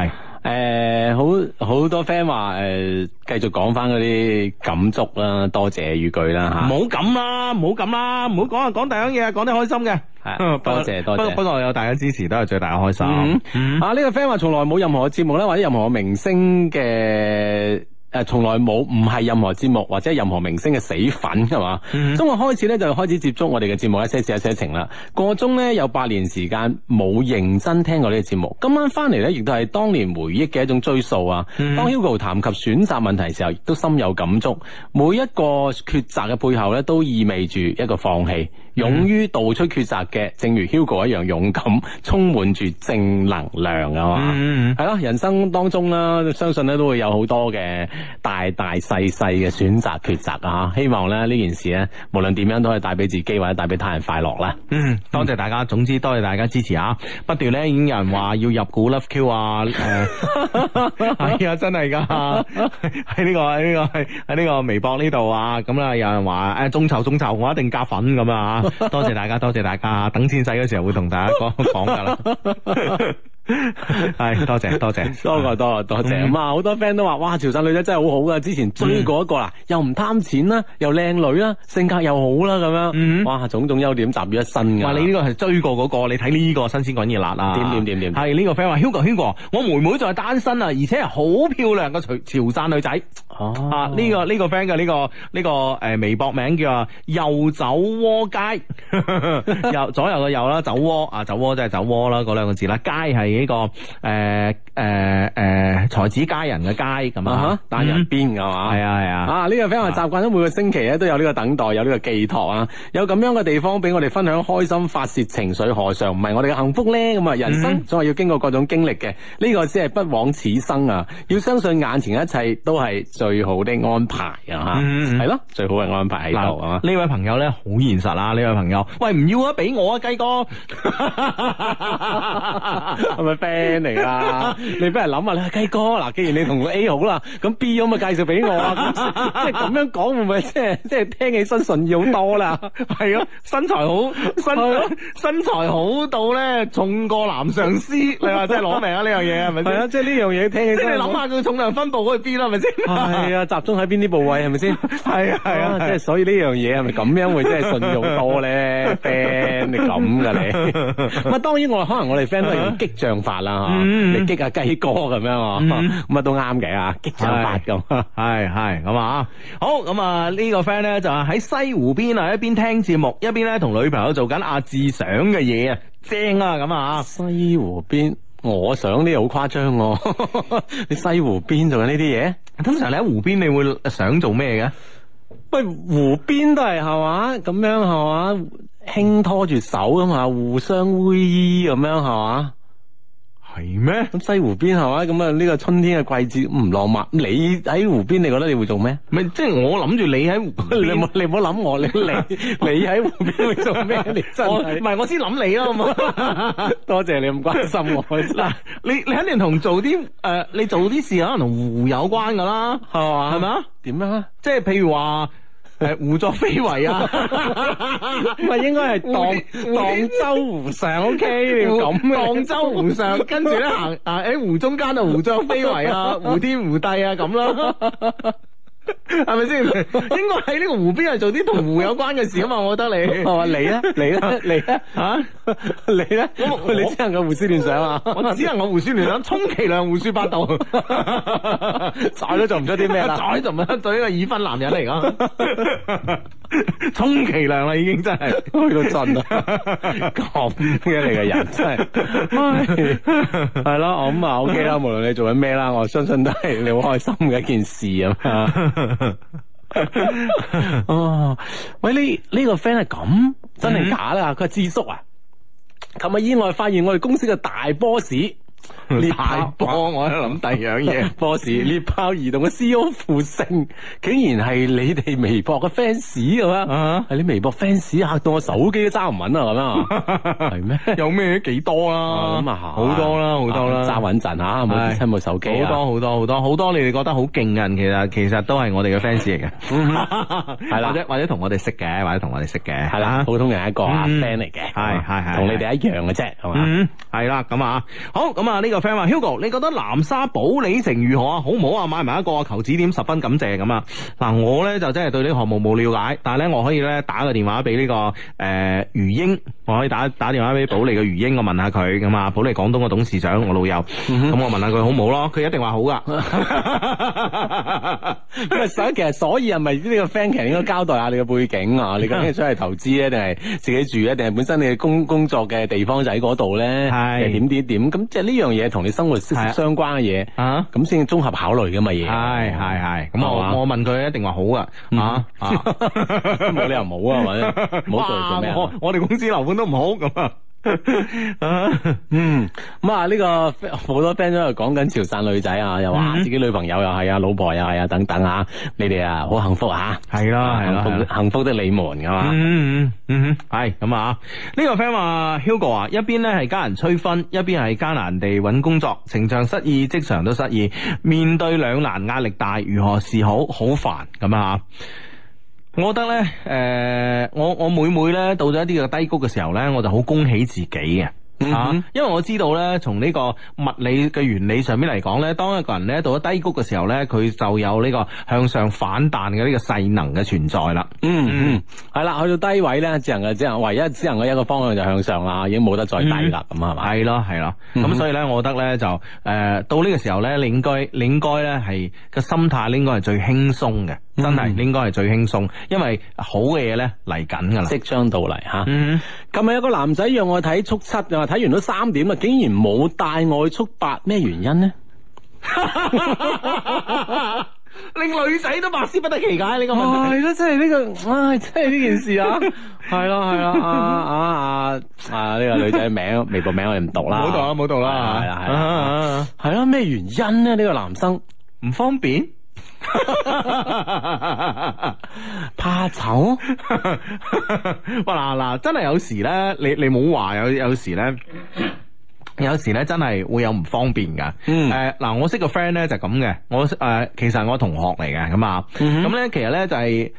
係誒好好多 friend 話誒繼續講翻嗰啲感觸啦，多謝語句啦吓，唔好咁啦，唔好咁啦，唔好講啊講第二樣嘢，講啲開心嘅係，多謝多謝，多謝，不過有大家支持都係最大嘅開心啊！呢個 friend 話從來冇任何節目啦或者任何明星嘅。誒，從來冇唔係任何節目或者任何明星嘅死粉，係嘛、嗯？從中學開始咧就開始接觸我哋嘅節目一些事、一些情啦。個中咧有八年時間冇認真聽過呢個節目。今晚翻嚟咧，亦都係當年回憶嘅一種追溯啊。嗯、當 Hugo 談及選擇問題嘅時候，亦都深有感觸。每一個抉擇嘅背後咧，都意味住一個放棄。嗯、勇於道出抉擇嘅，正如 Hugo 一樣勇敢，充滿住正能量啊嘛。係啦、嗯嗯，人生當中啦，相信咧都會有好多嘅。大大細細嘅選擇抉擇啊！希望咧呢件事咧，無論點樣都可以帶俾自己或者帶俾他人快樂啦。嗯，多謝大家，嗯、總之多謝大家支持啊！不斷咧已經有人話要入股 Love Q 啊，係、呃、啊 (laughs) (laughs) 、哎，真係噶，喺呢、 (laughs) (laughs) 這個喺呢、這個喺呢、這個、個微博呢度啊！咁啦，有人話誒眾籌眾籌，我一定夾份咁啊！多謝大家，多謝大家啊！等錢使嗰時候會同大家講講噶啦。 (laughs) (laughs) 係多謝多謝，多過多 (laughs) 多謝。咁啊，好、嗯、多 friend 都話，哇，潮汕女仔真係好好啊。之前追過一個啦、嗯啊，又唔貪錢啦，又靚女啦、啊，性格又好啦、啊，咁樣，哇，種種優點集於一身噶、啊。話你呢個係追過嗰、嗰個，你睇呢個新鮮滾熱辣啊！點，點點點點，係呢、呢個 friend 話，Hugo Hugo，我妹妹就係單身啊，而且係好漂亮嘅潮，潮汕女仔。哦、啊，呢、啊呢個呢、呢個 friend 嘅呢個呢、呢個誒、呢個呢個呢個、微博名叫做右酒窩街， (laughs) 右左右嘅右啦，酒窩啊，酒窩即係酒窩啦，嗰兩個字啦，街係。呢個誒誒誒才子佳人嘅街咁啊，打人邊㗎嘛？係啊係啊，啊呢個非常習慣咗，uh huh. 每個星期咧都有呢個等待，有呢個寄託啊，有咁樣嘅地方俾我哋分享開心發洩，發泄情緒，何嘗唔係我哋嘅幸福咧。咁啊，人生總係要經過各種經歷嘅，呢、uh huh. 個先係不枉此生啊！要相信眼前一切都係最好的安排啊！吓，係咯，最好嘅安排喺度啊！呢、uh huh. 位朋友咧好現實啊！呢位朋友，喂，唔要啊，俾我啊，雞哥。 (laughs) (laughs) 咪 friend 嚟噶，你不如諗下啦，雞哥嗱，既然你同佢 A 好啦，咁 B 可唔可介紹俾我啊？即係咁樣講會唔會即係即係聽起身順要多啦？係啊，身材好身身材好到咧重過男上司，你話即係攞命啊呢樣嘢係咪先？係啊，即係呢樣嘢聽起身。即係你諗下佢重量分布嗰個 B 啦，係咪先？係啊，集中喺邊啲部位係咪先？係啊係啊，即係所以呢樣嘢係咪咁樣會即係順用多咧？friend 你咁噶你，咁啊當然我可能我哋 friend 都係用激將。法啦吓，你激下雞哥咁樣啊，咁啊都啱嘅啊，激就發咁，係係咁啊。好咁啊，個呢個 friend 咧就喺西湖邊啊，一邊聽節目，一邊咧同女朋友做緊阿志想嘅嘢啊，正啊咁啊。西湖邊我想呢好誇張，你西湖邊仲有呢啲嘢？通常你喺湖邊你會想做咩嘅？喂，湖邊都係係嘛咁樣係嘛，輕拖住手啊，互相偎依咁樣係嘛。係咩？西湖邊係嘛？咁啊，呢個春天嘅季節唔浪漫。你喺湖邊，你覺得你會做咩？唔係，即係我諗住 (laughs) 你喺湖。你冇，你唔好諗我。你 (laughs) 你邊你喺湖邊會做咩？你真係唔係我先諗你咯。好 (laughs) 多謝你咁關心我。真 (laughs) 你你肯定同做啲誒、呃，你做啲事可能同湖有關噶啦，係嘛 (laughs) 吧？係咪啊？點啊樣？即係譬如話。誒、欸，胡作非為啊！唔係 (laughs) 應該係蕩蕩舟湖上 (laughs) ，OK？咁啊，蕩舟湖上，跟住咧行啊，喺湖中間啊，胡作非為啊， (laughs) 胡天胡地啊，咁囉。 (laughs) 係咪先？ (laughs) 應該喺呢個湖邊啊，做啲同湖有關嘅事啊嘛，我覺得你，我話 (laughs) 你啦，你啦， (laughs) 你啦呢，吓 (laughs) 我你啦，你只能夠胡思亂想啊，我只能夠胡思亂想，充其量胡說八道， (laughs) (laughs) (laughs) 再都做唔出啲咩啦， (laughs) 再做咩？ (laughs) 對呢個已婚男人嚟講。 (laughs) 充其量啦，已經真係去到盡啦。咁嘅你嘅人真係，係咯，咁啊，O K 啦。OK、 (laughs) 無論你做緊咩啦，我相信都係你好開心嘅一件事啊。 (laughs) 哦，喂，呢呢、這個 friend 係咁，真係假啦？佢係智叔啊？琴日意外發現我哋公司嘅大 boss。獵豹，我喺度諗第二樣嘢。波士獵豹移動嘅 CEO 副盛，竟然係你哋微博嘅 fans 係嘛？係你微博 fans 吓，到我手機都揸唔穩啦，係咪係咩？有咩幾多啦？咁啊，好多啦，好多啦，揸穩陣吓，唔好跌部手機好多好多好多好多，你哋覺得好勁嘅人，其實其實都係我哋嘅 fans 嚟嘅。係啦，或者或者同我哋識嘅，或者同我哋識嘅，係啦，普通人一個啊，fan 嚟嘅，係係係，同你哋一樣嘅啫，係嘛？係啦，咁啊，好咁。啊！呢個 friend 話：Hugo，你覺得南沙保利城如何啊？好唔好啊？買埋一個求指點，十分感謝咁啊！嗱，我咧就真係對呢個項目冇了解，但係咧我可以咧打個電話俾呢個誒余英，我可以打電、這個呃、可以打，打電話俾保利嘅余英，我問下佢咁啊！保利廣東嘅董事長，我老友，咁我問下佢好唔好咯？佢一定話好噶。咁啊， (laughs) (laughs) 所以其實所以係咪呢個 friend 其實應該交代下你嘅背景啊？ (laughs) 你究竟出嚟投資咧，定係自己住咧，定係本身你工工作嘅地方就喺嗰度咧？係點點點咁，即係呢？呢樣嘢同你生活息息相關嘅嘢，咁先綜合考慮噶嘛嘢？係係係，咁、哎哎、我、嗯、我問佢一定話好，好啊，冇理由冇啊，唔冇做咩啊？我我哋公司樓盤都唔好咁啊。 (laughs) (laughs) 嗯，咁啊、這個，呢個好多 friend 都係講緊潮汕女仔啊，又話自己女朋友又係啊， (laughs) 老婆又係啊，等等 (laughs) 啊，你哋啊好幸福啊，係啦的，係啦，幸福的你們噶嘛，嗯嗯嗯，係咁啊，呢、 (laughs) 這個 friend 話，Hugo 啊，一邊呢係家人催婚，一邊係艱難地揾工作，情場失意，職場都失意，面對兩難，壓力大，如何是好？好煩咁啊。我覺得咧，誒、呃，我我每每咧到咗一啲嘅低谷嘅時候咧，我就好恭喜自己嘅。啊，嗯、因為我知道咧，從呢個物理嘅原理上面嚟講咧，當一個人咧到咗低谷嘅時候咧，佢就有呢個向上反彈嘅呢個勢能嘅存在啦。嗯，係啦，去到低位咧，只能夠只係唯一只能夠一個方向就向上啦，已經冇得再低啦，咁啊嘛。係咯，係咯。咁、嗯、哼所以咧，我覺得咧就誒、呃，到呢個時候咧，你應該你應該咧係個心態應該係最輕鬆嘅，真係、嗯、哼應該係最輕鬆，因為好嘅嘢咧嚟緊噶啦，即將到嚟吓。咁啊，嗯、哼日有個男仔讓我睇速七啊。睇完到三點啊，竟然冇帶外速八，咩原因呢？令 (laughs) (laughs) 女仔都百思不得其解呢、啊、個問題。係咯、啊，真係呢、呢個，唉、啊，真係呢件事啊。係咯、 (laughs) 啊，係咯、啊，阿阿阿阿呢個女仔名，微博名我哋唔讀啦。唔 (laughs) 讀啦，唔讀啦。係啊，係啊。係咯、啊，咩、啊 (laughs) 啊、原因呢？呢、呢個男生唔方便。怕 (laughs) 醜羞？哇嗱嗱，真係有時咧，你你冇話有有時咧。有時咧真係會有唔方便噶，誒嗱、嗯呃，我識個 friend 咧就咁嘅，我誒、呃、其實我同學嚟嘅咁啊，咁咧、嗯、哼其實咧就係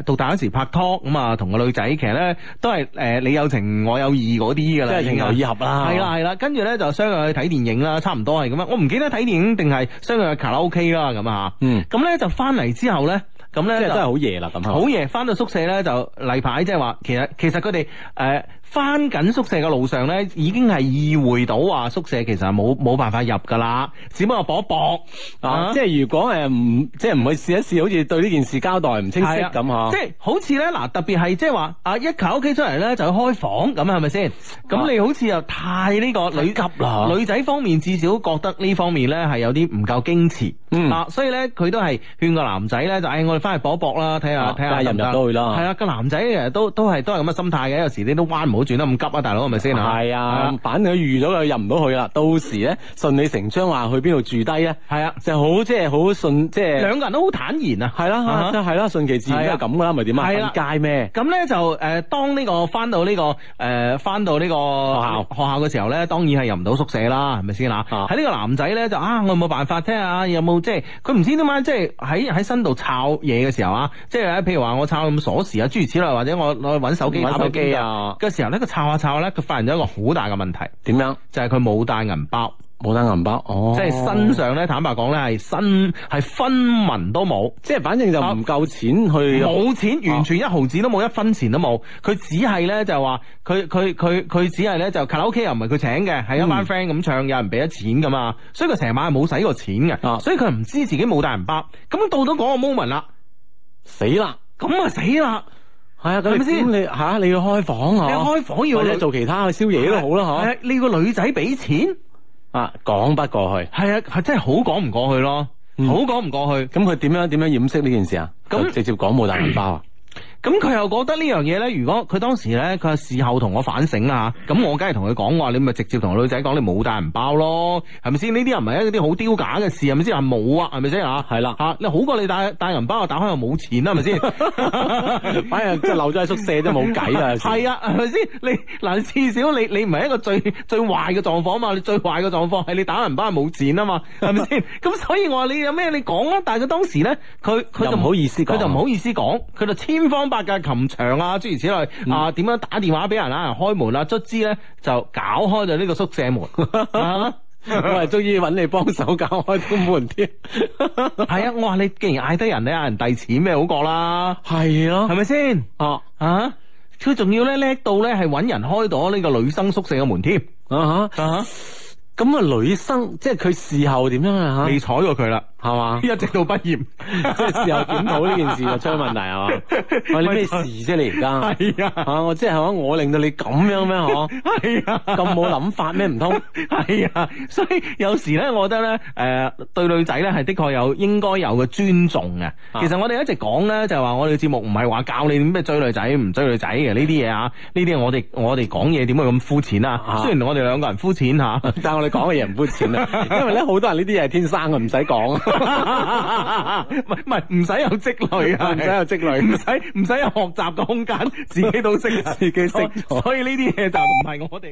誒讀大嗰時拍拖咁啊，同個女仔其實咧都係誒、呃、你有情我有意嗰啲噶啦，即係情投意合啦，係啦係啦，跟住咧就相約去睇電影啦，差唔多係咁樣，我唔記得睇電影定係相約去卡拉 OK 啦咁啊嚇，嗯，咁咧就翻嚟之後咧，咁咧就真係好夜啦咁樣，好夜翻到宿舍咧就例牌，即係話其實其實佢哋誒。翻緊宿舍嘅路上咧，已經係意會到話宿舍其實係冇冇辦法入㗎啦，只不過搏一搏啊！即係如果誒唔即係唔去試一試，好似對呢件事交代唔清晰咁嗬。即係好似咧嗱，特別係即係話啊，一出屋企出嚟咧就去開房咁啊，係咪先？咁你好似又太呢個女急啦，女仔方面至少覺得呢方面咧係有啲唔夠矜持啊，所以咧佢都係勸個男仔咧就誒，我哋翻去搏一搏啦，睇下睇下。入入到去啦。係啊，個男仔其實都都係都係咁嘅心態嘅，有時你都彎好轉得咁急啊，大佬係咪先啊？係啊，反正佢預咗佢入唔到去啦。到時咧，順理成章話去邊度住低啊？係啊，就好即係好順，即係兩個人都好坦然啊。係啦，嚇，係啦，順其自然都係咁噶啦，咪點啊？梗係咩？咁咧就誒，當呢個翻到呢個誒翻到呢個學校學校嘅時候咧，當然係入唔到宿舍啦，係咪先啦？喺呢個男仔咧就啊，我冇辦法聽啊，有冇即係佢唔知點解即係喺喺身度摷嘢嘅時候啊？即係譬如話我摷咁鎖匙啊，諸如此類，或者我我揾手機、打手機啊嘅時候。呢個湊下湊下咧，佢發現咗一個好大嘅問題。點樣？就係佢冇帶銀包，冇帶銀包。哦，即係身上咧，坦白講咧，係身係分文都冇，即係反正就唔夠錢去。佢冇錢，完全一毫子都冇，一分錢都冇。佢只係咧就話，佢佢佢佢只係咧就卡拉 OK 又唔係佢請嘅，係一班 friend 咁唱，嗯、有人俾咗錢噶嘛。所以佢成晚係冇使過錢嘅。啊、所以佢唔知自己冇帶銀包。咁到咗嗰個 moment 啦，死啦了！咁啊死啦！係啊，咁你吓你要開房，啊，你開房要你做其他嘅宵夜都好啦，嗬。呢個女仔俾錢，啊，講不過去。係啊，係真係好講唔過去咯，嗯、好講唔過去。咁佢點樣點樣掩飾呢件事啊？咁、嗯、直接講冇大紅包啊！嗯咁佢又覺得呢樣嘢咧，如果佢當時咧，佢係事後同我反省啊，咁我梗係同佢講話，你咪直接同個女仔講，你冇帶銀包咯，係咪先？呢啲又唔係一啲好丟架嘅事，係咪先？係冇啊，係咪先啊？係啦，嚇，你好過你帶帶銀包，我打開又冇錢啊，係咪先？反正就留喺宿舍都冇計啊。係啊，係咪先？你嗱，至少你你唔係一個最最壞嘅狀況嘛。你最壞嘅狀況係你打銀包冇錢啊嘛，係咪先？咁所以我話你有咩你講啊，但係佢當時咧，佢佢就唔好意思講，佢就唔好意思講，佢就千方。八架琴場啊，諸如此類啊，點樣打電話俾人啊，嗌人開門啦，卒之咧就搞開咗呢個宿舍門，門 (laughs) 啊，終於揾你幫手搞開個門添，係啊，我話你竟然嗌低人你有人遞錢，咩好過？啦，係咯，係咪先？哦啊，佢仲、啊啊、要咧叻到咧，係揾人開到呢個女生宿舍嘅門添、啊，啊哈啊哈，咁啊，啊，啊，啊女生，即係佢事後點樣啊？吓，被睬過佢啦。係嘛？一直到畢業，即係 (laughs) 事後檢討呢件事就出咗問題係嘛？喂，你咩事啫？你而家係啊，啊，啊？啊，我即係我令到你咁樣咩？嗬？係啊？咁冇諗法咩？唔通？係啊？所以有時咧，我覺得咧，誒、呃，對女仔咧係的確有應該有嘅尊重嘅。啊、其實我哋一直講咧，就係、是、話我哋節目唔係話教你咩追女仔唔追女仔嘅呢啲嘢啊。呢啲係我哋我哋講嘢點會咁膚淺啊？啊啊雖然我哋兩個人膚淺吓，但係我哋講嘅嘢唔膚淺啊。 (laughs) 因為咧，好多人呢啲嘢係天生嘅，唔使講。哈哈哈，唔唔唔使有積累啊！唔使 (laughs) 有積累，唔使唔使有學習嘅空間，自己到識， (laughs) 自己識， (laughs) 所以呢啲嘢就唔係我哋。